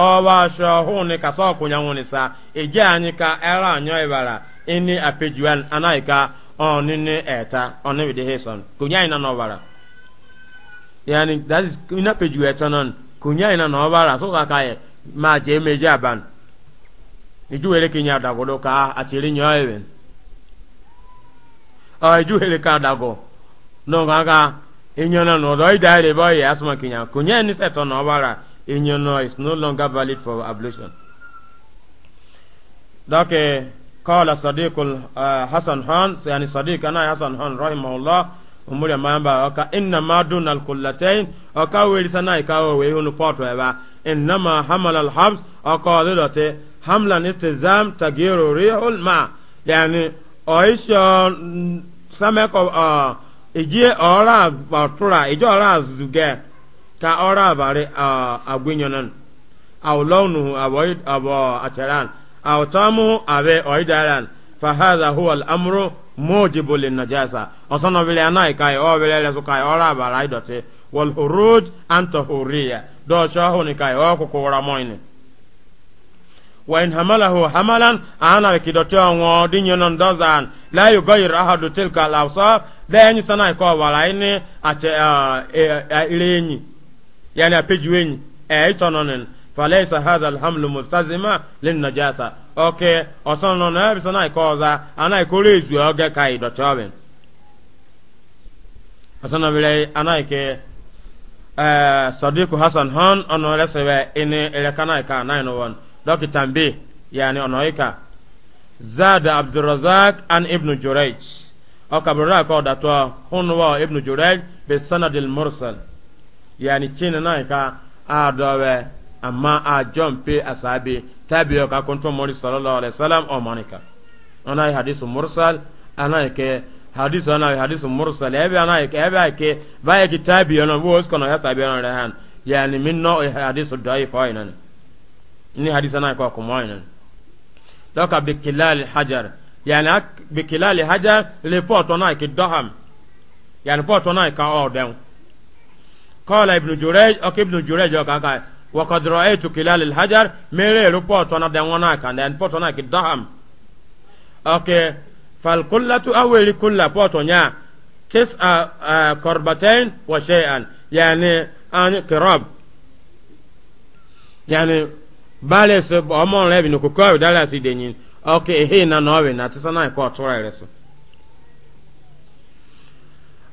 ọwa shọhụ ni ka ọkụnya nwụrụ ni sa eje anyị ka era anyọ ibara ini apejuan anaghị ka ọnịnị eta ọnịbidi hison kụnye anyị na n'ọbara yani that is ina peju eta non kụnye anyị na n'ọbara so ka ka ma je meje aban iju were kinye adagodo ka achịrị nyọ ewe ọ iju were ka adago n'oge aka inye na n'ụzọ ịda ere bụ ọyị asụma kinye kụnya anyị setọ n'ọbara in your know no longer valid for ablution dake eh, qala sadiqul eh, hasan han yani sadiq ana hasan han rahimahullah umuri amamba aka inna ma dun al kullatayn aka weli sana ka o we hunu poto eba inna ma hamal al habs Oka dilote hamlan istizam tagiru rihul ma yani oisho sameko ejie ah, ora batura ejo ora zuge ta ọrụ abalị agwinyonan aw launuhu abo ateran aw tamuhu abe oidaran fahadha huwa al-amru mujibu lin-najasa osono vile anai kai o vile lesu kai ora bara idote wal huruj an tahuriya do shahu ni kai o kukura moine wa in hamalahu hamalan ana kidote onwo dinyonon dozan la yugayir ahadu tilka al-awsaf da yanyi sanai ko walaini ache uh, e, e, e, yani apejuweni e eh, itononen falaisa hadha alhamlu multazima linnajasa okay osono na bi sana ikoza ana ikore ezu oge kai dotoben osono bile ana ike eh sadiku hasan han ono lesebe ine elekana ika 91 dokitan bi yani ono ika zada abdurrazak an ibnu jurayj ọkà bùrọ̀dá kọ́ ọ̀dàtọ̀ hùnwọ́ ibnu jurayj bi sanadil mursal yani chini na ka a dɔbɛ amma a jɔn pe a saabi tabiya ka kuntun mori sallallahu alaihi wasallam o manika ana yi hadisu mursal ana yi ke hadisu ana yi hadisu mursal ebe ana yi ke ebe yi ke ba yi ki tabiya na bu wasu kana ya tabiya na rehan yani min no eh, hadisu da'i fa ina ne ni hadisu ana yi ko kuma ina doka bi kilal hajar yani bi kilal hajar le porto na ki doham yani porto na ka o den قال ابن جريج أو ابن جريج وكاكا وقد رأيت كلال الحجر ميري ربوت أنا دعوانا كان دعوان بوت أنا كدهم أوكي فالكلة أول كلة بوت ونيا، تسعة قربتين وشيئا يعني أن كراب يعني بالي سب أمون لابن كوكو دالا سيدين أوكي هي نوبي ناتسانا يكو أطوري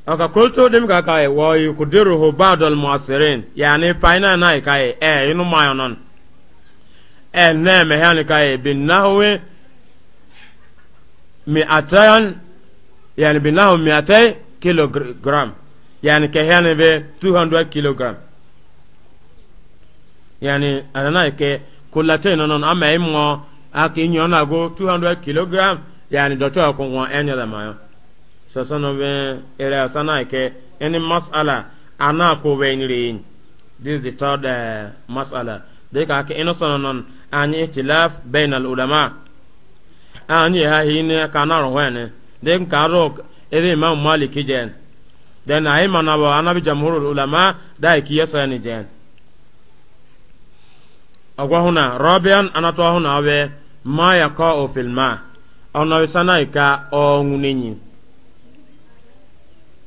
aka kolto dem ka kai wa yuqdiruhu ya na yani paina nai kai e ịnụ mayo nọ e ne me hani kai bin nahwi mi ya na bin nahwi mi atay kilogram yani ke hani be 200 kilogram ya na ke kullate non non ama immo aki nyo na go 200 kilogram yani doto ko won enyala mayo sasano be ere sana ke eni masala ana ko be ni re this the third uh, masala de ka ke ino sono non ani ikhtilaf bain al ulama ani ha hine na ro hene de ka ro ere imam maliki jen den ay manaba anabi jamhurul ulama da ki yasa ni jen agwa huna rabian anatwa huna we ma yaqa fil ma ona wisana ika ongunenyi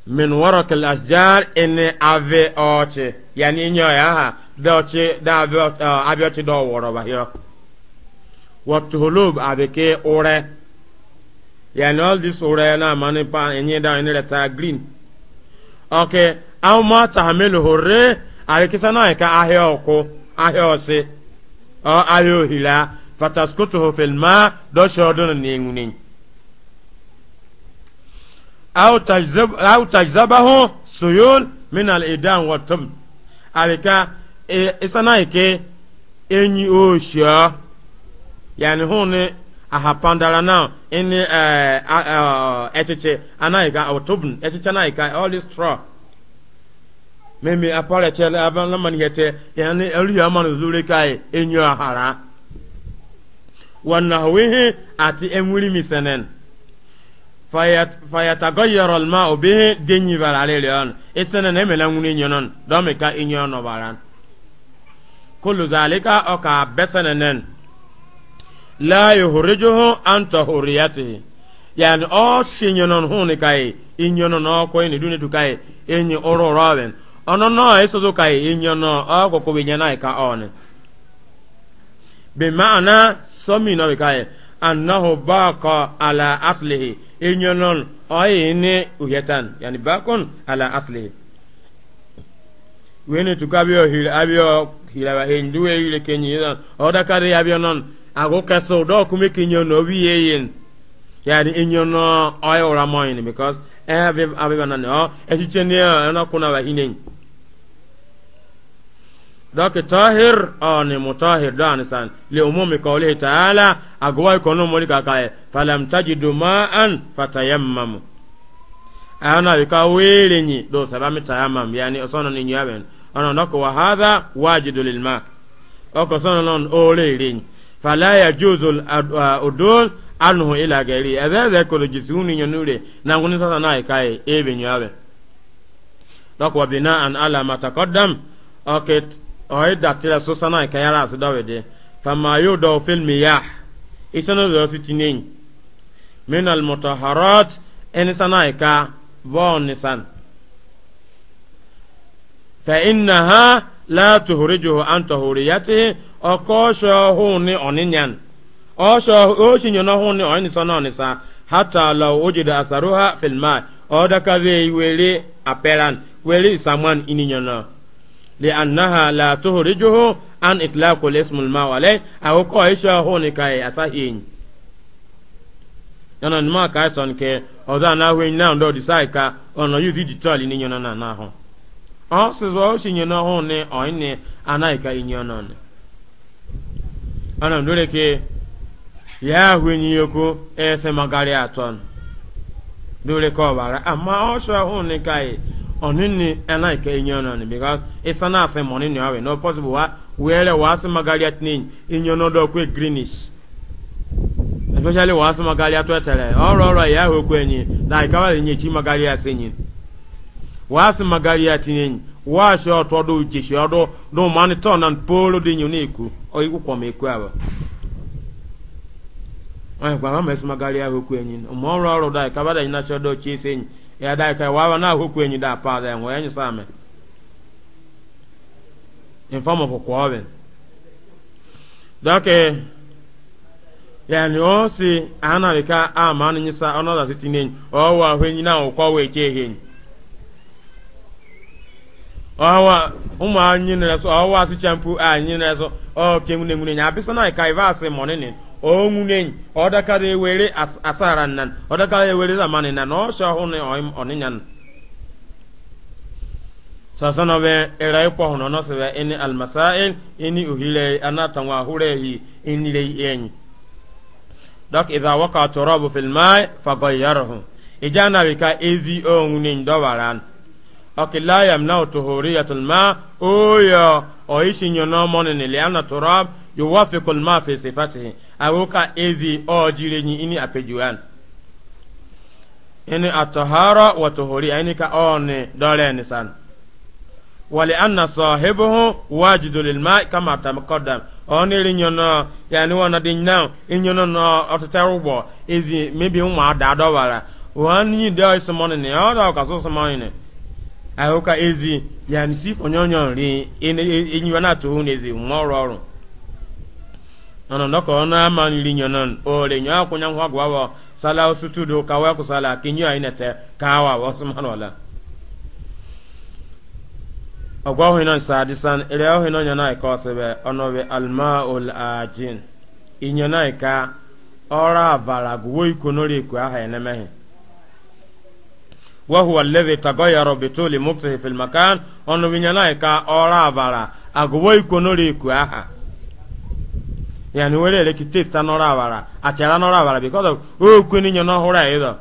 min warok al ashjar in ave oche yani nyo ya ha doche da ave ah, ave oche do woro ba yo what ya na ore yani all this ore na mani pa enye da in reta green okay aw ma tahmilu hore abeke sana ka ahe oko ahe ose o ahe ohila fataskutuhu fil ma do shodun ni ngunin aw tajzab aw tajzabahu suyul min al idan wa tab alika e isana ike enyi osho yani hone ahapandara na ini echiche anaghịka otobun echiche anaghịka all straw memi aparechere abanlamanihete yani orihi amanu zure kai enyo ahara wannan hawihi ati enwuri misenen fayatagọyọrọ alma obehe denyi bara alele ọnụ esene na emela nwunye nyonon dọmika inye ọnụ bara kulu zalika ọka besenenen la yuhrijuhu an tahuriyatihi yani ọ shi nyonon hu ni kai inyonon ọkọ ni duni tu kai enyi ọrụ rọben ọnụ nọ esozo kai inyonon ọkọ kobe nyana ka ọnụ bi ma'ana somi nọ bi kai annahu baqa ala aslihi inyonon oyini uhetan yani bakon ala aslihi wene tukabio hil abio hilawa hinduwe ile kenyi yidan oda kare abio non ago kaso do kumi kinyono wiyeyin yani inyono oyo ramoyin because eh abibana no oh, echichenia na kuna wahinen dɔki tahir ɔni mutahir dɔni san le umumi kɔli taala agowa kɔnɔ mɔli ka kaa ye falam tajidu ma'an fatayammamu ana bi ka do sabami tayammam yani ɔsɔnɔ ni nyuya bɛn ɔnɔ dɔki wa hadha wajidu lil ma ɔkɔ sɔnɔ nɔn ɔɔreere fala ya juzul odol uh, anhu ila gari ɛbɛ bɛ jisuni jisiw ni nyɔnure nankuni sɔsɔ n'a ye ka ye e bɛ nyuya bɛn dɔki wa bina an ala matakɔdam ɔkɛ. Okay. oyi datira so sana ka yara su dawe de fama yo do fil miyah isana zo si tinin min al mutahharat en sana ka bon san. fa innaha la tuhrijuhu an tahuriyatihi akosho huni oninyan o oshinyo no huni oni sana onisa hata law wujida asaruha fil ma odaka ze wele aperan wele saman ininyono لأنها لا تخرجه عن إطلاق الاسم الماء عليه أو كويشة هونك أسهين yana nima ka aso nke ọzọ anahụ enyi na ndọ dịsa ka ọnọ yu dijital ni nyọ na anahụ ọ sịzọ ọ si nyọ na ọhụụ ni ọyị ni anaghị ka enyi ọnọ ọnụ ana ndore ke ya ahụ enyi yoko ese magari atọ ndore ọ bara ama ọ sọ ọhụrụ ni ka onini ena ike inyono ni because isa na afe money ni awe no possible wa wele wasu magari at ni inyono do kwe greenish especially wasu magari at wetere oro oro ya ho kwenyi na ikawa ni chi magari asenyi wasu magari at ni wa sho to do jishi odo do mani ton and polo di nyuni iku o iku kwa meku awo Ayi kwa kama esu magari ya ho kwenyi. Umo oro oro da ikaba da ina sho do chi senyi. ya da kai wawa na enyi da pa da enwe enyi same in form of kwawen dake yani o si ana rika a ma ni nyi sa ona da titine o wa hwenyi na o kwa we che hen owa umu anyi na so owa si champu anyi na so o kengu ne ngune nya bisana kai va se monene onwunen odakara ewere asara nan odakara ewere zamani nan ọsọ ọhụrụ ọnịnyan sasana bɛ ɛrai pɔhun nɔ sɛbɛ ɛni almasail ɛni uhilɛ ana tɔnwa hurɛhi ɛni lɛ ɛni dɔk idha waka turabu fil mai faghayyarhu ijana bi ka ezi onwunen dɔbaran na otu yamnau tuhuriyatul ma oyo oyishi nyɔnɔ mɔnini liana turab yuwafiqu lma fi sifatihi awoka ezi ojire ni ini apejuan ini atahara wa tuhuri ini ka oni dole ni san wali anna sahibuhu wajidu lil ma kama tamqaddam oni rinyono yani wona dinna inyono no otatarubo ezi maybe umma da dowara wani do ismoni ni odo ka so smoni ni awoka ezi yani sifonyonyo ri ini inyiwa na tuhuni ezi umoro ọrụ nono ndoko ona man linyo non ole nyo akunya ngwa gwawo sala usutudo kawa kusala kinyo ainete kawa wasumano la ogwaho ino sadisan ile oho ino nyana ko sebe onobe almaul ajin inyana ka ora abara gwo ikonori ku aha aha. yani wele le kitis ta nora wara atira nora because o kwini nyono hura ido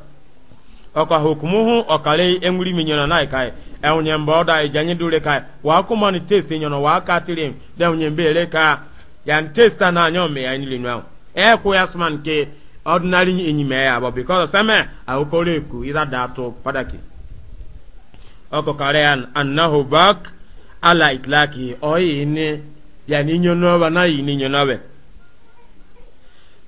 ọka hukumuhu ọkale enwuri mi nyono na ikai enwunye mba ọda ijanye dure kai wa kuma ni test tirim de nwunye mbe ele ka yani testa na anya me ya ni linwa e ku yasman ke ordinary enyi me ya bo because eh, padaki bak oh, ala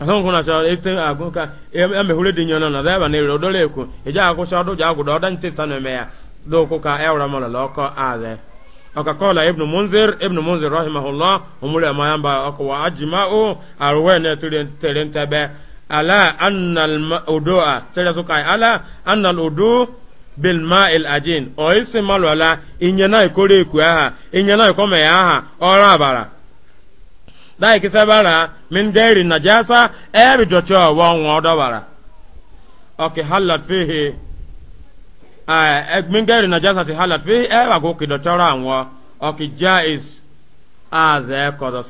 asɔn kuna sɔ ete agun ah, ka eme hure di na zɛba ne rodo le ku eja ako sɔ do jago do ɔdan te sanu ya do ko ka ɛwura mɔlɔ lɔ kɔ aazɛ ɔka kɔla ibnu munzir ibnu munzir rahimahullah umuri amayamba ɔka wa ajima o arwɛ ne tere ntebe, ala annal odo a tere so ala annal odo bil ma'il ajin o isi malwala inyana ikore iku aha inyana ikome aha ɔra abara dai ki sabara min gairi najasa e bi do cho wa won do bara okay halat fihi ah min gairi najasa ti halat fihi e wa go ki do cho ran wo okay jaiz az e ko do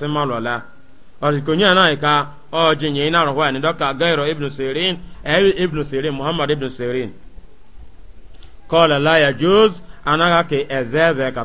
na ika, o jinye ina ro wa ni do ka gairo ibn sirin e ibn sirin muhammad ibn sirin qala la yajuz anaka ke ezeze ka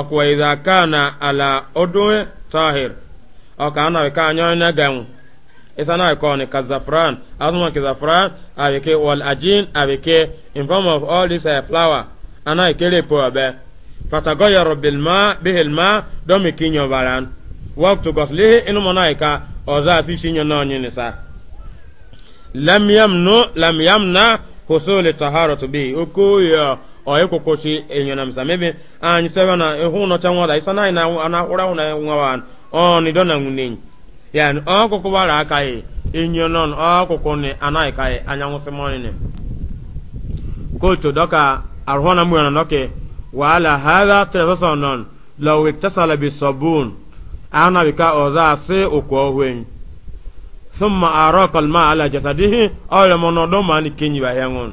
ọkụ ịza ka na ala ọdụn tahir ọka ana ka anya na gamu isa na ikọ ni kazafran azuma kazafran abike wal ajin abike in form of all this uh, flower ana ikere po abe fatagoyaro bilma bihilma domi kinyo baran waktu goslihi inu monaika oza fi shinyo na onye nisa lam yamnu lam yamna husuli taharatu bi ukuyo oye kokoshi enyona msamebe anyi sebana ehuno changwada isana ina anahura una ngawan on idona ngunin yani oko kubara akai enyonon oko kone anai kai anyangu semonine kultu doka arhona mwana noke wa ala hadha tirasasonon law iktasala bisabun ana bika oza se okohwen thumma araka alma ala jasadihi aw lamono do mani kinyi bayangon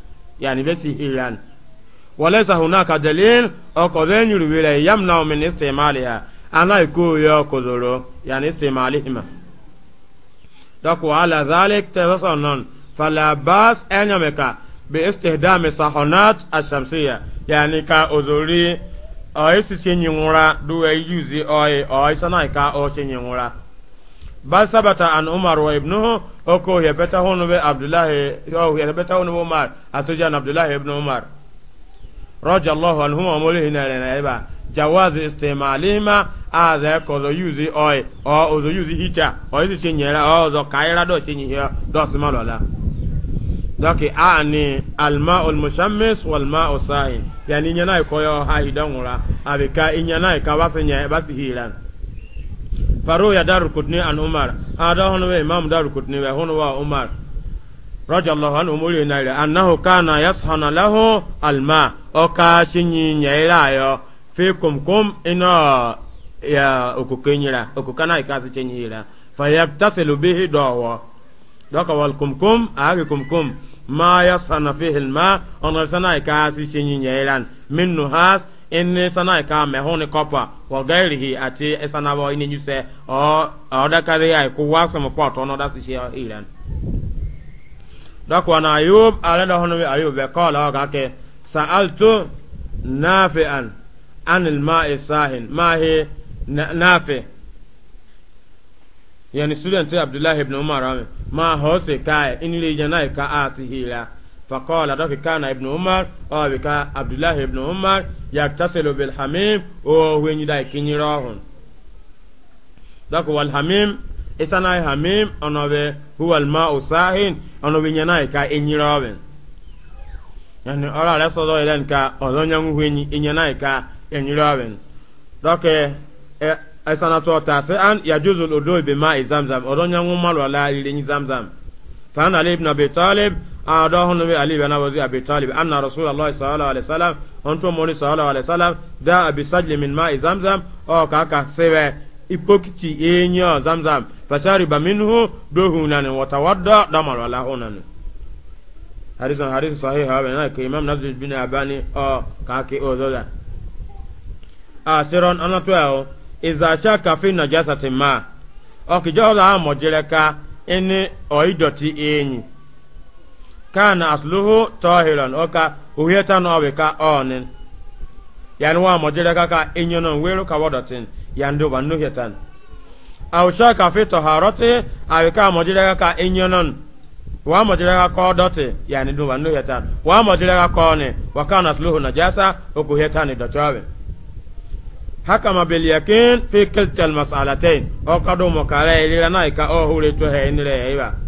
yani bɛ sihiran walaysa hunaka dalil ɔkɔ bɛ nyuri wele yamna min istimaliha ana ko yɔ kozoro yani istimalihima donc ala zalik tɛbɛsɔ nɔn fala bas ɛnyɛmɛ ka bi istihdami sahonat ashamsiya yani ka ozori ɔyi sisi nyiŋura duwe yuzi ɔyi ɔyi sanai ka ɔsi nyiŋura bal sabata an umar oko ya beta hono be abdullahi yo oh, ya beta hono bo mar atoja na abdullahi ibn umar radiyallahu anhuma mole na na eba jawaz istimalihima aza ko zo yuzi oy o o zo yuzi hita o izi chinyera o zo kaira do chinyi yo do smalola doki ani alma ul mushammis wal ma usain yani nyana ko yo ha idanura abika inyana ka wasinya basi hiran faro ya daru kutni an umar ada hono we imam daru kutni we hono wa umar radiyallahu anhu muri na ila annahu kana yashana lahu alma o ka shinyi nyaira yo fi kumkum ina ya okukenyira okukana ikazi chenyira fayaktasilu bihi dawa doka wal kumkum aagi kumkum ma yashana fihi alma on rasana ikazi shinyi nyairan min nuhas inni sana ka mehuni kopa wa gairihi ati esana wa ini nyuse o odakari ai ku wasa mo pot ono dasi shi iran dakwa na ayub ala da hono ayub be kala ga ke sa'altu nafi'an anil ma'i sahin ma hi nafi yani student abdullah ibn umar ma hose kai inile jana ka asihira فقال دوك كان ابن عمر او بك عبد الله ابن عمر يغتسل بالحميم او وين داي كنيروهن دوك والحميم اسنا حميم انو هو الماء ساهن انو بيناي كا انيروهن yani ọrọ rẹ sọdọ ilẹ nka ọdọ nyanwu hwenyi inyana ika enyiri ọbin dọkị ẹsanatọ tasị an yajuzu odo ibe ma izamzam ọdọ nyanwu mmalụ ala iri nyi zamzam fa na alib na betalib أعداه النبي علي بن أبي أبي طالب أن رسول الله صلى الله عليه وسلم أنتم مولي صلى الله عليه وسلم داء بسجل من ماء زمزم أو كاكا سوى إبوكتي إينيو زمزم فشارب منه دهونا وتودى دمر ولا هونا حديث حديث صحيح هذا كإمام نفس بن أباني أو كاكي أو زوزا أسيرون أنا تويو إذا شك في نجاسة ما أو كجوزا مجلكا إني أو إدوتي إينيو kana asluhu tahiran oka uheta no wika onin yani wa kaka ka wodotin yando ba no hetan aw shaka fi taharati awika mojere kaka inyonon wa mojere kaka odoti yani do ba no hetan wa mojere kaka oni wa kana asluhu najasa oku hetan ka o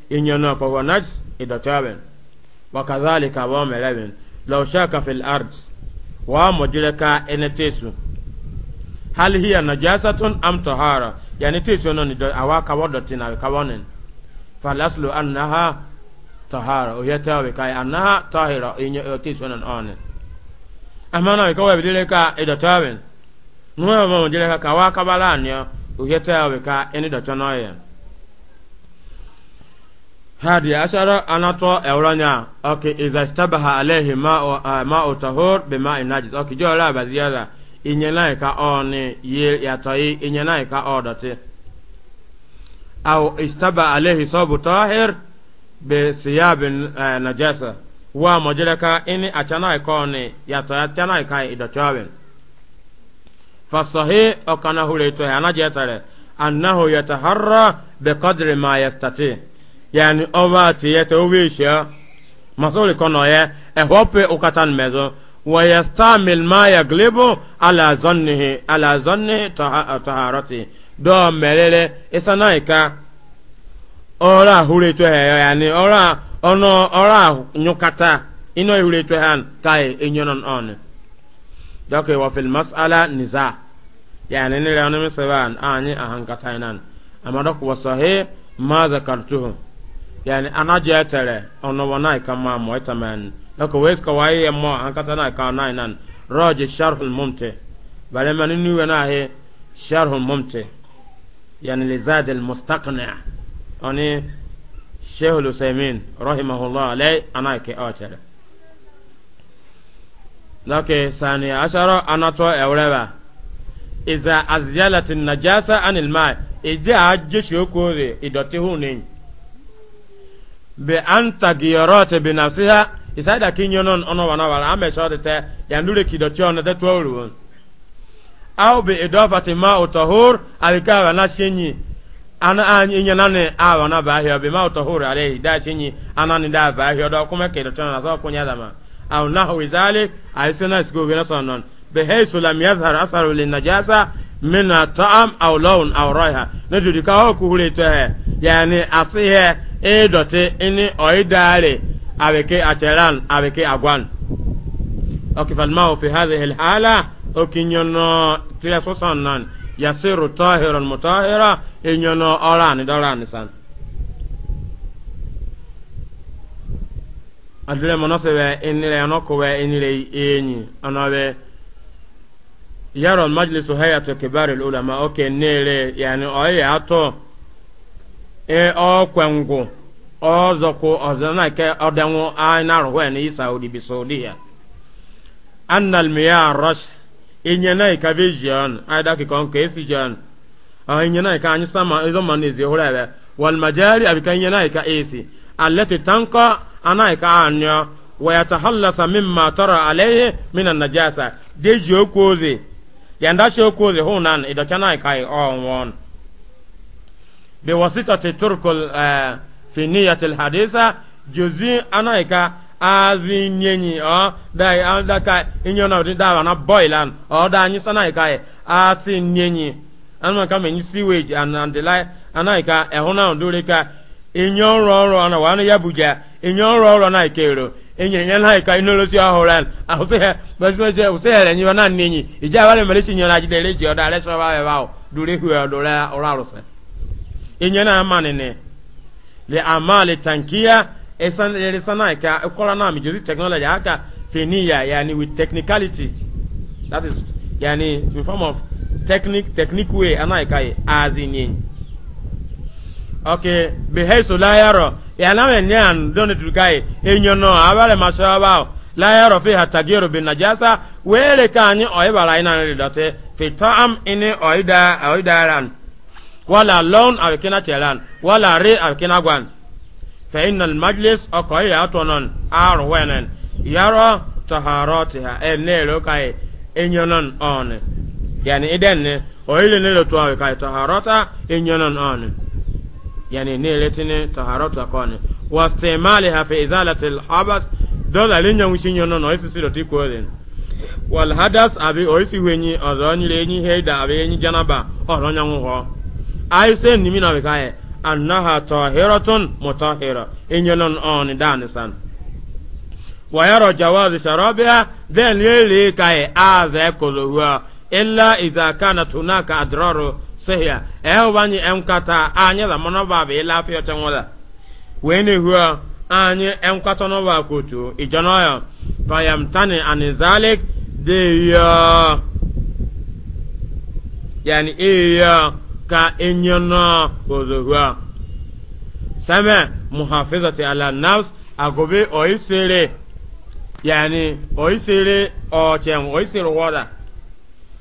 inyana fa wa naj idotaben wa kadhalika wa melaben law shaka fil ard wa mujlaka enetesu hal hiya najasatun am tahara yani tesu non do awaka wodoti na kawonen falaslu annaha tahara o yatawe kai annaha tahira inyo tesu non onen amana ka wa bidile ka idotaben nuwa ma mujlaka ka wa kabalani o yatawe ka eni hadi ashara anato ewranya okay iza stabaha alayhi ma uh, ma utahur bima inajis okay jo la baziada inyela ka oni ye yatoi inyela ka odate au istaba alayhi sabu tahir bi siyabin uh, najasa wa majalaka ini achana ka oni yato achana ka idochawin fasahi okana huleto anajatare annahu yataharra biqadri ma yastati' yani ova tiyete ovisha masoli kono ye ehope ukatan mezo wa yastamil ma yaglibu ala zannihi ala zannihi taharati do melele isanaika ora huretu heyo yani ora ono ora nyukata ino huretu han kai inyonon on doke wa fil mas'ala niza yani nile onimi seban anyi ahankatainan amadok wa sahih ma zakartuhu yani anaje tere ono wana kama mo itamen lako wes ka waye mo hankata na ka nine nan roje sharh al mumti bale man ni wana he sharh al mumti yani li zad al mustaqni oni sheikh al usaymin rahimahullah alay anake atere lake sani ashara anato ewreba iza azjalat an najasa anil ma ija ajje shokore idoti hunin be an tagiyarata bi nafsiha isaida kinyonon ono wana wala ame shode te yandure kidochona te twauru au bi idafati ma utahur alikawa na shinyi ana anyi nyanane awa na hiyo bi ma utahur alayhi da shinyi anani da bahia do kuma kidochona so kunya dama au nahu zalik aisana sigo bi nasanon bi haythu lam yazhar atharu lin najasa من طعام أو لون أو رائحة نجد كاو كوليته يعني أصيه إيه دوتي إني أويداري أبكي أتلان أبكي أغوان أوكي فالماء في هذه الحالة أوكي نيونو تيسوسانان يصير طاهرا مطهرا إنيونو أوران دوران سان أدلي مناسبة إني لأنوكو وإني لأيني أنا بي yaro majlis hayatu kibari ulama oke nere yani oye ato e o kwengu o zoko ozana ke odanwo aina rohwe ni saudi bi saudiya anna al miyarash inyana ikavision aida ki kon kesi jan inyana ka anyi sama izo manizi hurebe wal majari abika inyana ka esi allati tanqa anaika anyo wa yatahallasa mimma tara alayhi min an najasa deji okoze yanda shi ko le hunan ido chana kai on won bi wasitati turkul eh, fi niyatil hadisa juzi anaika azi nyenyi o dai an da ka inyo na da na boilan o da anyi sana kai asi nyenyi an ka kama sewage and and the like anaika ehuna ndure ka inyo ro ro na wa na yabuja inyo ro na ikero enyenye na ika inolosi ahoran ahuse basmeje usele nyiba na ninyi ija wale malishi nyona ajidele je odale so bawe bawo dure hu e odole oraruse enyena amanene le amali tankia esan le sana e ika ekola na mijozi technology aka fenia yani with technicality that is yani in form of technique technique way anaika azinyenye ok bihesu layaro yaname e nyan doni tukai enyono abale masaba layaro fi hatagiru bin najasa wele kani oibala ina ridote fi ta'am ini oida oidaran wala lawn awkina chelan wala ri awkina gwan fa innal majlis aqaya atonon arwenen yaro taharatiha enelo kai enyonon on yani idenne e oile nelo tuawe kai taharata enyonon on yani ne letine taharatu akone wa istimali ha fi izalati al habas dola linya mushinyo no no isi siro ti kolen wal hadas abi oisi wenyi ozonyi lenyi heida abi yenyi janaba oronya nwo ai se nimi na be kae annaha tahiratun mutahira inyonon on danisan wa yaro jawazi sharabiha den lele kae aze kolohua illa idha kanat hunaka adraru sehia eho banyi enkata anya la mono ba be la fi ote ngola we ne huwa anya enkata no ba kotu ijono ya fa tani an zalik de ya yani iya ka enyona ozohua same muhafizati ala nafs agobe oisere yani oisere ochen oisere wada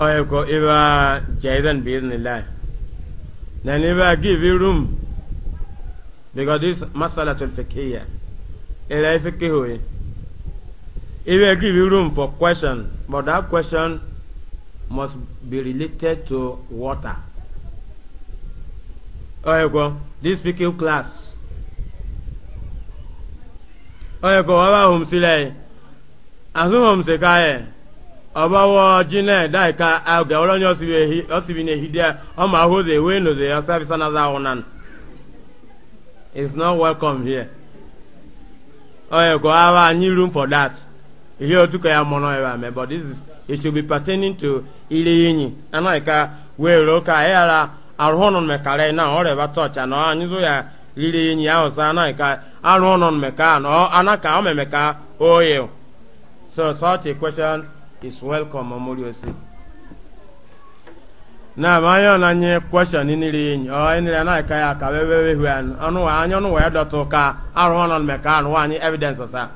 oye ko iba jaidan biiznillah then iba give you room because this masalatul fikiya ila fikihu iba give you room for question but that question must be related to water oye ko this fikihu class oye ko waba hum silai asu hum sikaye ọbawo jine daika aga ọrọ onye osibi na ma ọma ahụzụ ewe nozi ya service another ahụnan is not welcome here oye ko awa anyị room for that ihe otu ka ya mụrụ ebe ame but this is it should be pertaining to ile enyi anaghịka wee ruo ka ayara arụhụnụ mekara na ọrịa ịba tọcha na anyị zụ ya riri enyi ahụ sa anaghịka arụhụnụ meka na anaka o ka oye so sort a question is welcome omori osi na ma anya na nye question ni niri yin o eniri na ka ya ka we we hu an anu wa anya nu wa e dotu ka aru ono me ka anu wa anyi evidence sa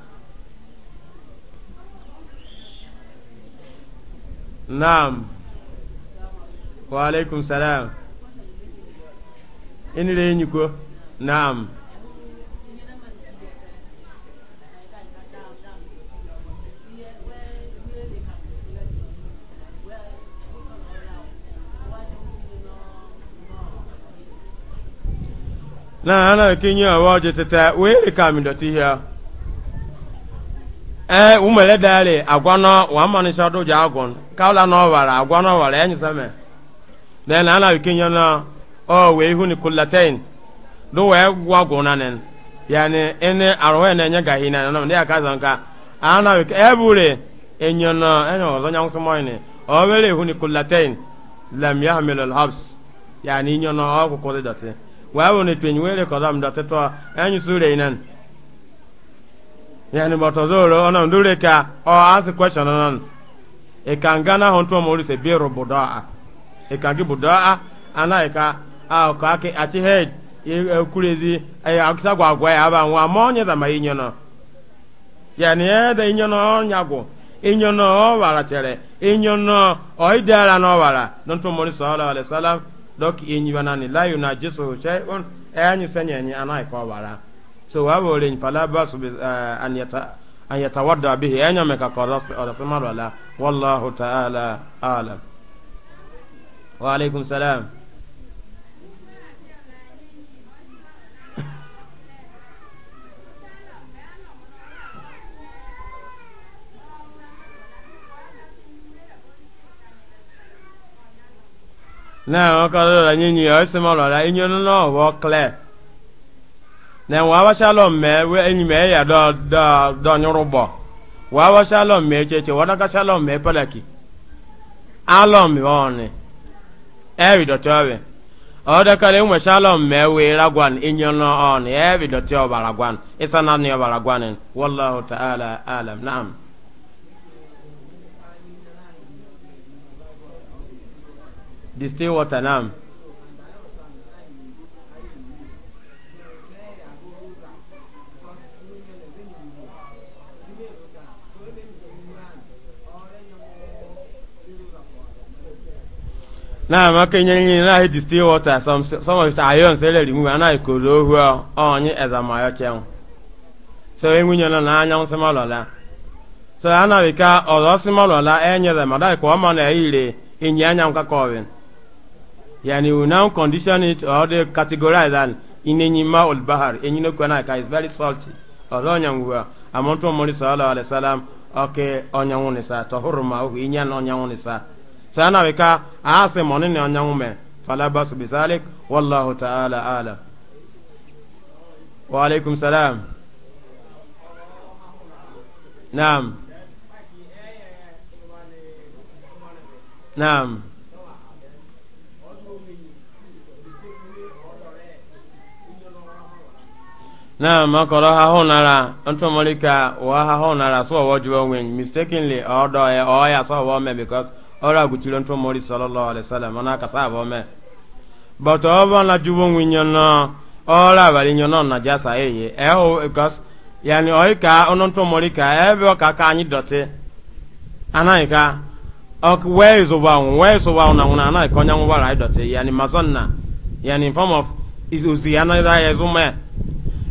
naam wa alaikum salam iniri e yin ko naam na ana ke nye awa je tete we ka mi doti ya e umele dale agwano wa mani shado ja agon ka la no wara agwano wara enyi same na na ana ke nye na o we hu ni kullatain do we gwa gona nen yani ene arwe na nye gahi na no ne aka zanka ana ke ebure enyo na enyo zo nyang sumo ni o wele hu ni kullatain lam yahmil al habs yani enyo na o ko ko dati wawo ne twen wele ko dam da tetwa anyi sure inan yani boto zoro ona ndure ka o ask question onon e kan gana honto mo ri se biro budaa e kan gi budaa ana e ka a ka ke ati head e kurezi e akisa gwa gwa ya ba nwa mo nyi da mai nyono yani e da nyono nyago inyono o wara chere inyono o idara no wara don to mo ri sallallahu alaihi wasallam dok yenyi banani la yunajisu shay'un ayanyi sanyanyi anai ko wara so wa bo le pala basu bi eh, an yata an yatawadda bihi anya meka qaras ala samar wala wallahu ta'ala alam wa alaikum salam na ọkọrọ la nye nyi ọsị m ọlọla inye nụ n'ọwọ kle na wa abachalọ mme we enyi me ya dọ dọ dọnyụrụ bọ wa abachalọ mme echeche wa dakachalọ mme palaki alọ mme ọnị ewi dọtị ọbị ọ dakara enwe shalọ mme we ragwan inye nụ ọnị ewi dọtị ọbara gwan ịsa na nị ọbara gwan wallahu ta'ala alam na'am the stay water now. naam aka nyere nyere na hidi still water some some of the iron say let remove ana I could do well on as a so enwe nyere na anya nse malola so ana wika o do simalola enye them and I come on e ile inye anya nka ko win yani we now condition it or they categorize and in enyima ol bahar enyino kwana ka is very salty ọzọ ọnyanwuwa amontu omori sallallahu alaihi wasallam oke ọnyanwu nisa tohuru ma ohu inya na ọnyanwu nisa sana wika a asị mọni na ọnyanwu me falabasu bisalik wallahu ta'ala ala wa alaikum salam naam naam na makọrọ ha hụ nara ntụmọlika ụwa ha hụ nara sọ ọwọ jụọ onwe mistakenly ọdọ ya ọ ya sọ wọ mee bikọs ọrụ agụchiri ntụmọli sọlọlọ alesala mana akasa abụọ mee bọtụ ọbọ na jụọ onwe nye nọ ọrụ abalị nye nọ na jasa eye ehụ bikọs yani ọyị ka ọnụ ntụmọlika ebe ọ ka ka anyị dọtị anaghị ka ọkụ wee zụba ọnwụ wee zụba ọnwụ na nwụna anaghị ka onye nwụbara anyị dọtị yani mazọ nna yani form of ozi anaghị ya ezụ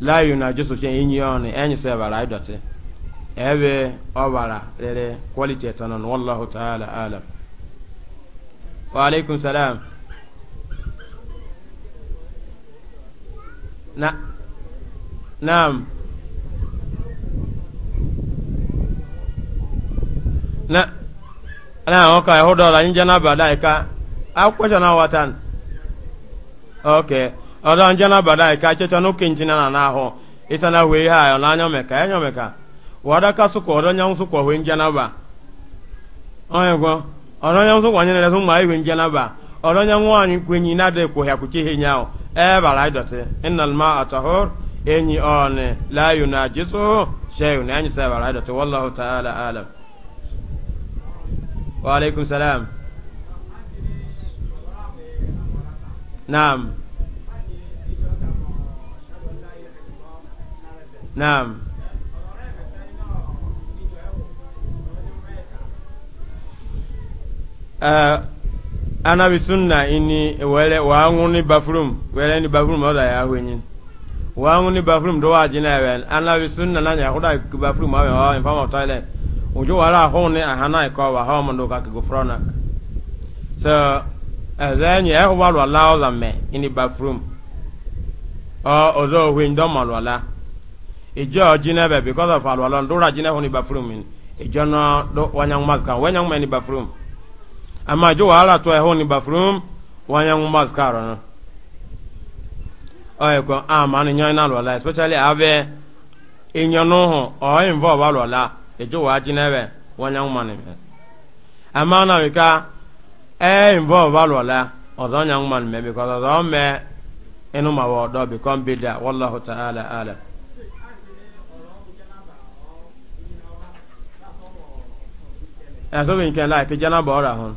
layu na jesu chen inyi on enyi se bara idote ebe obara lele kwalite etanon wallahu ta'ala alam wa alaikum salam na naam na na okay hold on anyi jana bada ka akwesha na watan okay ọdọ njana badai ka checha no kinchina na na ho isana we ha yo na anyo meka anyo meka wada ka su ko ọdọ nyanwu su ko we ba go ọdọ su ko na so ma we njana ba ọdọ na de ko ha ku chi he nyawo e innal ma atahur enyi on e ta'ala alam salam Naam. naam uh, anabi sunna ini wele waanguni bathroom wele ni bathroom oda ya wenyi ni bathroom doa jina ya anabi sunna nanya kuda bathroom awe wa infama toilet ujo wala hone ahana ko wa ha mondo ka kigofrona so azanyi ya wala wala me ini bathroom o ozo window malwala ijo jinebe because of alwalon dura jine honi bathroom in ijo no do wanyang maska wanyang mani bathroom ama jo wala to e honi bathroom wanyang maska ro oye ko ama ah, ni nyoy na alwala especially ave inyonu ho o involve alwala ijo wa jinebe wanyang mani ama na wika e involve alwala ọzọ nyanwụ mmanụ mee bikọs ọzọ mee ịnụ ma wọ ọdọ bikọ mbida wallahu ta'ala alam ẹsọ bi nke la ke jana bọ ọra họn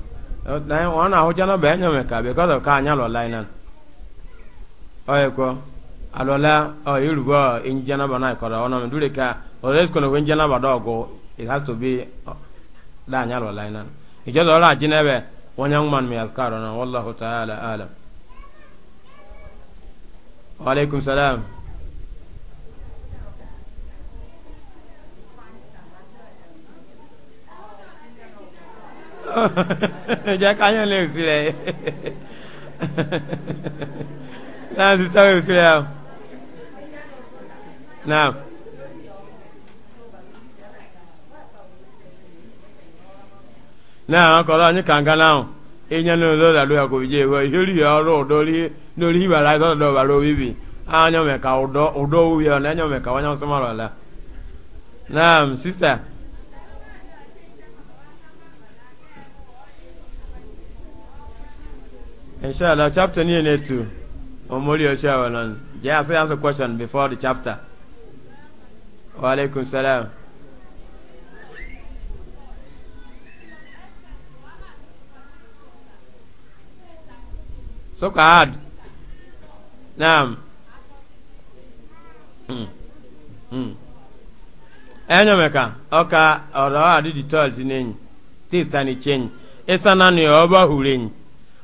wọn na ahụ jana bọ of ka anya lọla inan ọyẹ alọla ọ yorùbá jana bọ náà kọrọ ọnà mi dúró ka ọlọlẹ sikọ náà jana it has to be anya lọla inan ìjọba ọrọ àjẹnẹ bẹ wọn man mi àsukà rọ náà wọlọhùn tààlà ala waaleykum salam. jẹ́ káyọ̀ lè sí rẹ̀ náà ti sọ́wọ́ sí rẹ̀ náà. náà àwọn kọ̀ọ̀lọ́ ní kàǹkà náà ìyẹn ní olóòlù àlóyà kò jẹ́ ìwọ ìṣòrí ọ̀rọ̀ lórí ìbàlá ìsọ̀dọ̀ ọ̀bàrọ̀ òbíbì àwọn ọmọ ẹ̀ka ọ̀dọ́ òwúyọ̀ ọ̀nà ẹ̀yọ̀ ọmọ ẹ̀ka wọ́n yàn sọ́mọ́rọ̀ ọ̀la. náà sísà. Inshallah, chapter ni ne tu. Omori Oshawa nan. Jẹ́ afẹ́ ask a question before the chapter. Wa alaikum salam. So hard. Naam. Hmm. Hmm. Enyomeka, ọka ọ̀rọ̀ àdídì tọ́ọ̀sì n'enyi, tí ìsànì chenyi, ìsànà ni ọba hùrù enyi.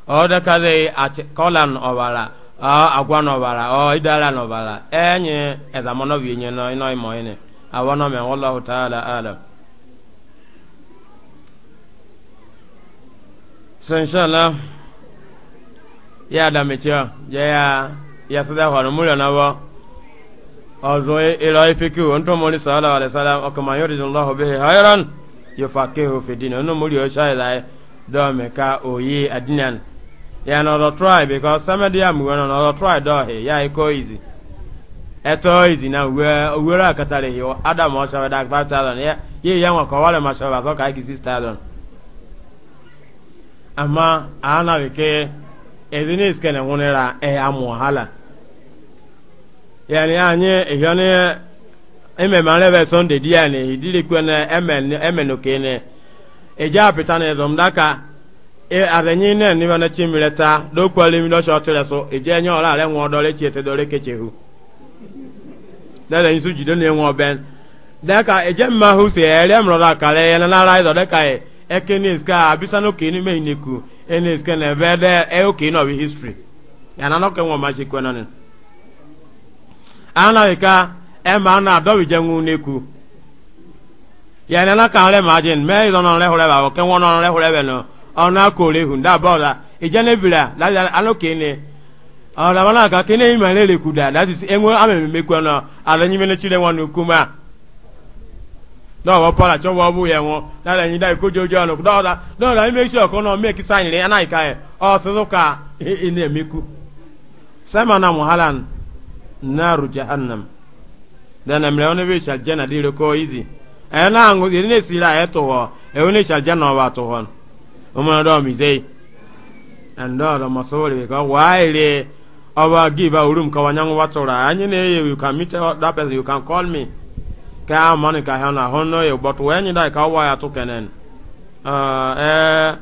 oda kaze kolan obara agwa n'ọbara ọ idara n'ọbara enyi ezamono bi nye n'ino imo ine awono me wallahu ta'ala ala so inshallah ya da metia ya ya ya sada horo mulyo na bo ozo ilo ifiki onto mori sallallahu alaihi wasallam o kama yuridullahu bihi khairan yufaqihu fi din onu mulyo sha ila do me ka oyi adinan ya na ọdọ try because samedi ya mgbe na ọdọ try dọhị ya iko izi eto izi na uwere akatara adam ọsọrọ dak 5000 ya ye ya nwa ka ọwara ka igi 6000 ama a na wike ezini na amu ya ni anyị ihe ni ememe arebe sunday di ya na ehidiri na emenu kene apịta na ezomdaka e arenyi ne ni bana chimireta do kwali mi do shotere so eje nya ora re nwo do le chiete do le kechehu da da nsu jido ne nwo ben da ka eje mma hu se ere mro da kale ya na ra ido da ka e ekene ska abisa no kini me niku ene ska na be da e o kini of history ya na no ke nwo ma chi kwena ne ana ka e ma na do wi je nwu neku ya na na ka re ma jin me ido no re hore ba ke nwo no re hore be no ona kore hu nda bola ijane bila la ano kene ona ka kene imale le kuda that is enwe ameme meku na ala nyime ne chile wanu kuma da wa para cho wa bu ye won ko jojo la no sign le ana ka o suzuka ine na muhalan naru jahannam bi dire ko izi sira e wa to umana do mi sei ando do masori ka waile awa give a room ka wanyangu watora anyi ne you can meet that person you can call me ka mani ka hana hono ye but when you die ka waya to kenen uh eh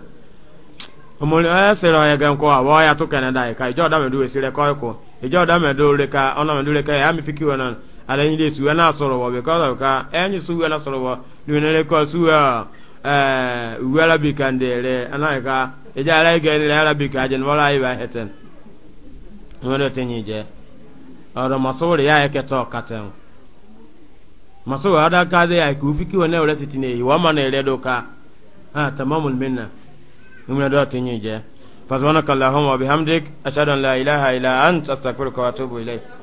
omori eh sero ye gan ko waya to kenen dai ka ijo da me duwe sire ko ko ijo da me do re ka ona me do re ka ya mi fiki wona ala ni de su na soro wo because ka enyi eh, su na soro wo du ne re ko su ah Eh, uwe arabic ndere ere ka eji ara ige nre arabic aje na ọrụ anyị bụ aheten nwere enyi je ọrụ masori ya eketa ọkatem masori adaka dị ya ka ufiki wene were siti na ehi wama na-ere doka ha tamamul minna nwere dị otenye ije فسبحانك اللهم وبحمدك أشهد أن لا إله إلا أنت أستغفرك وأتوب إليك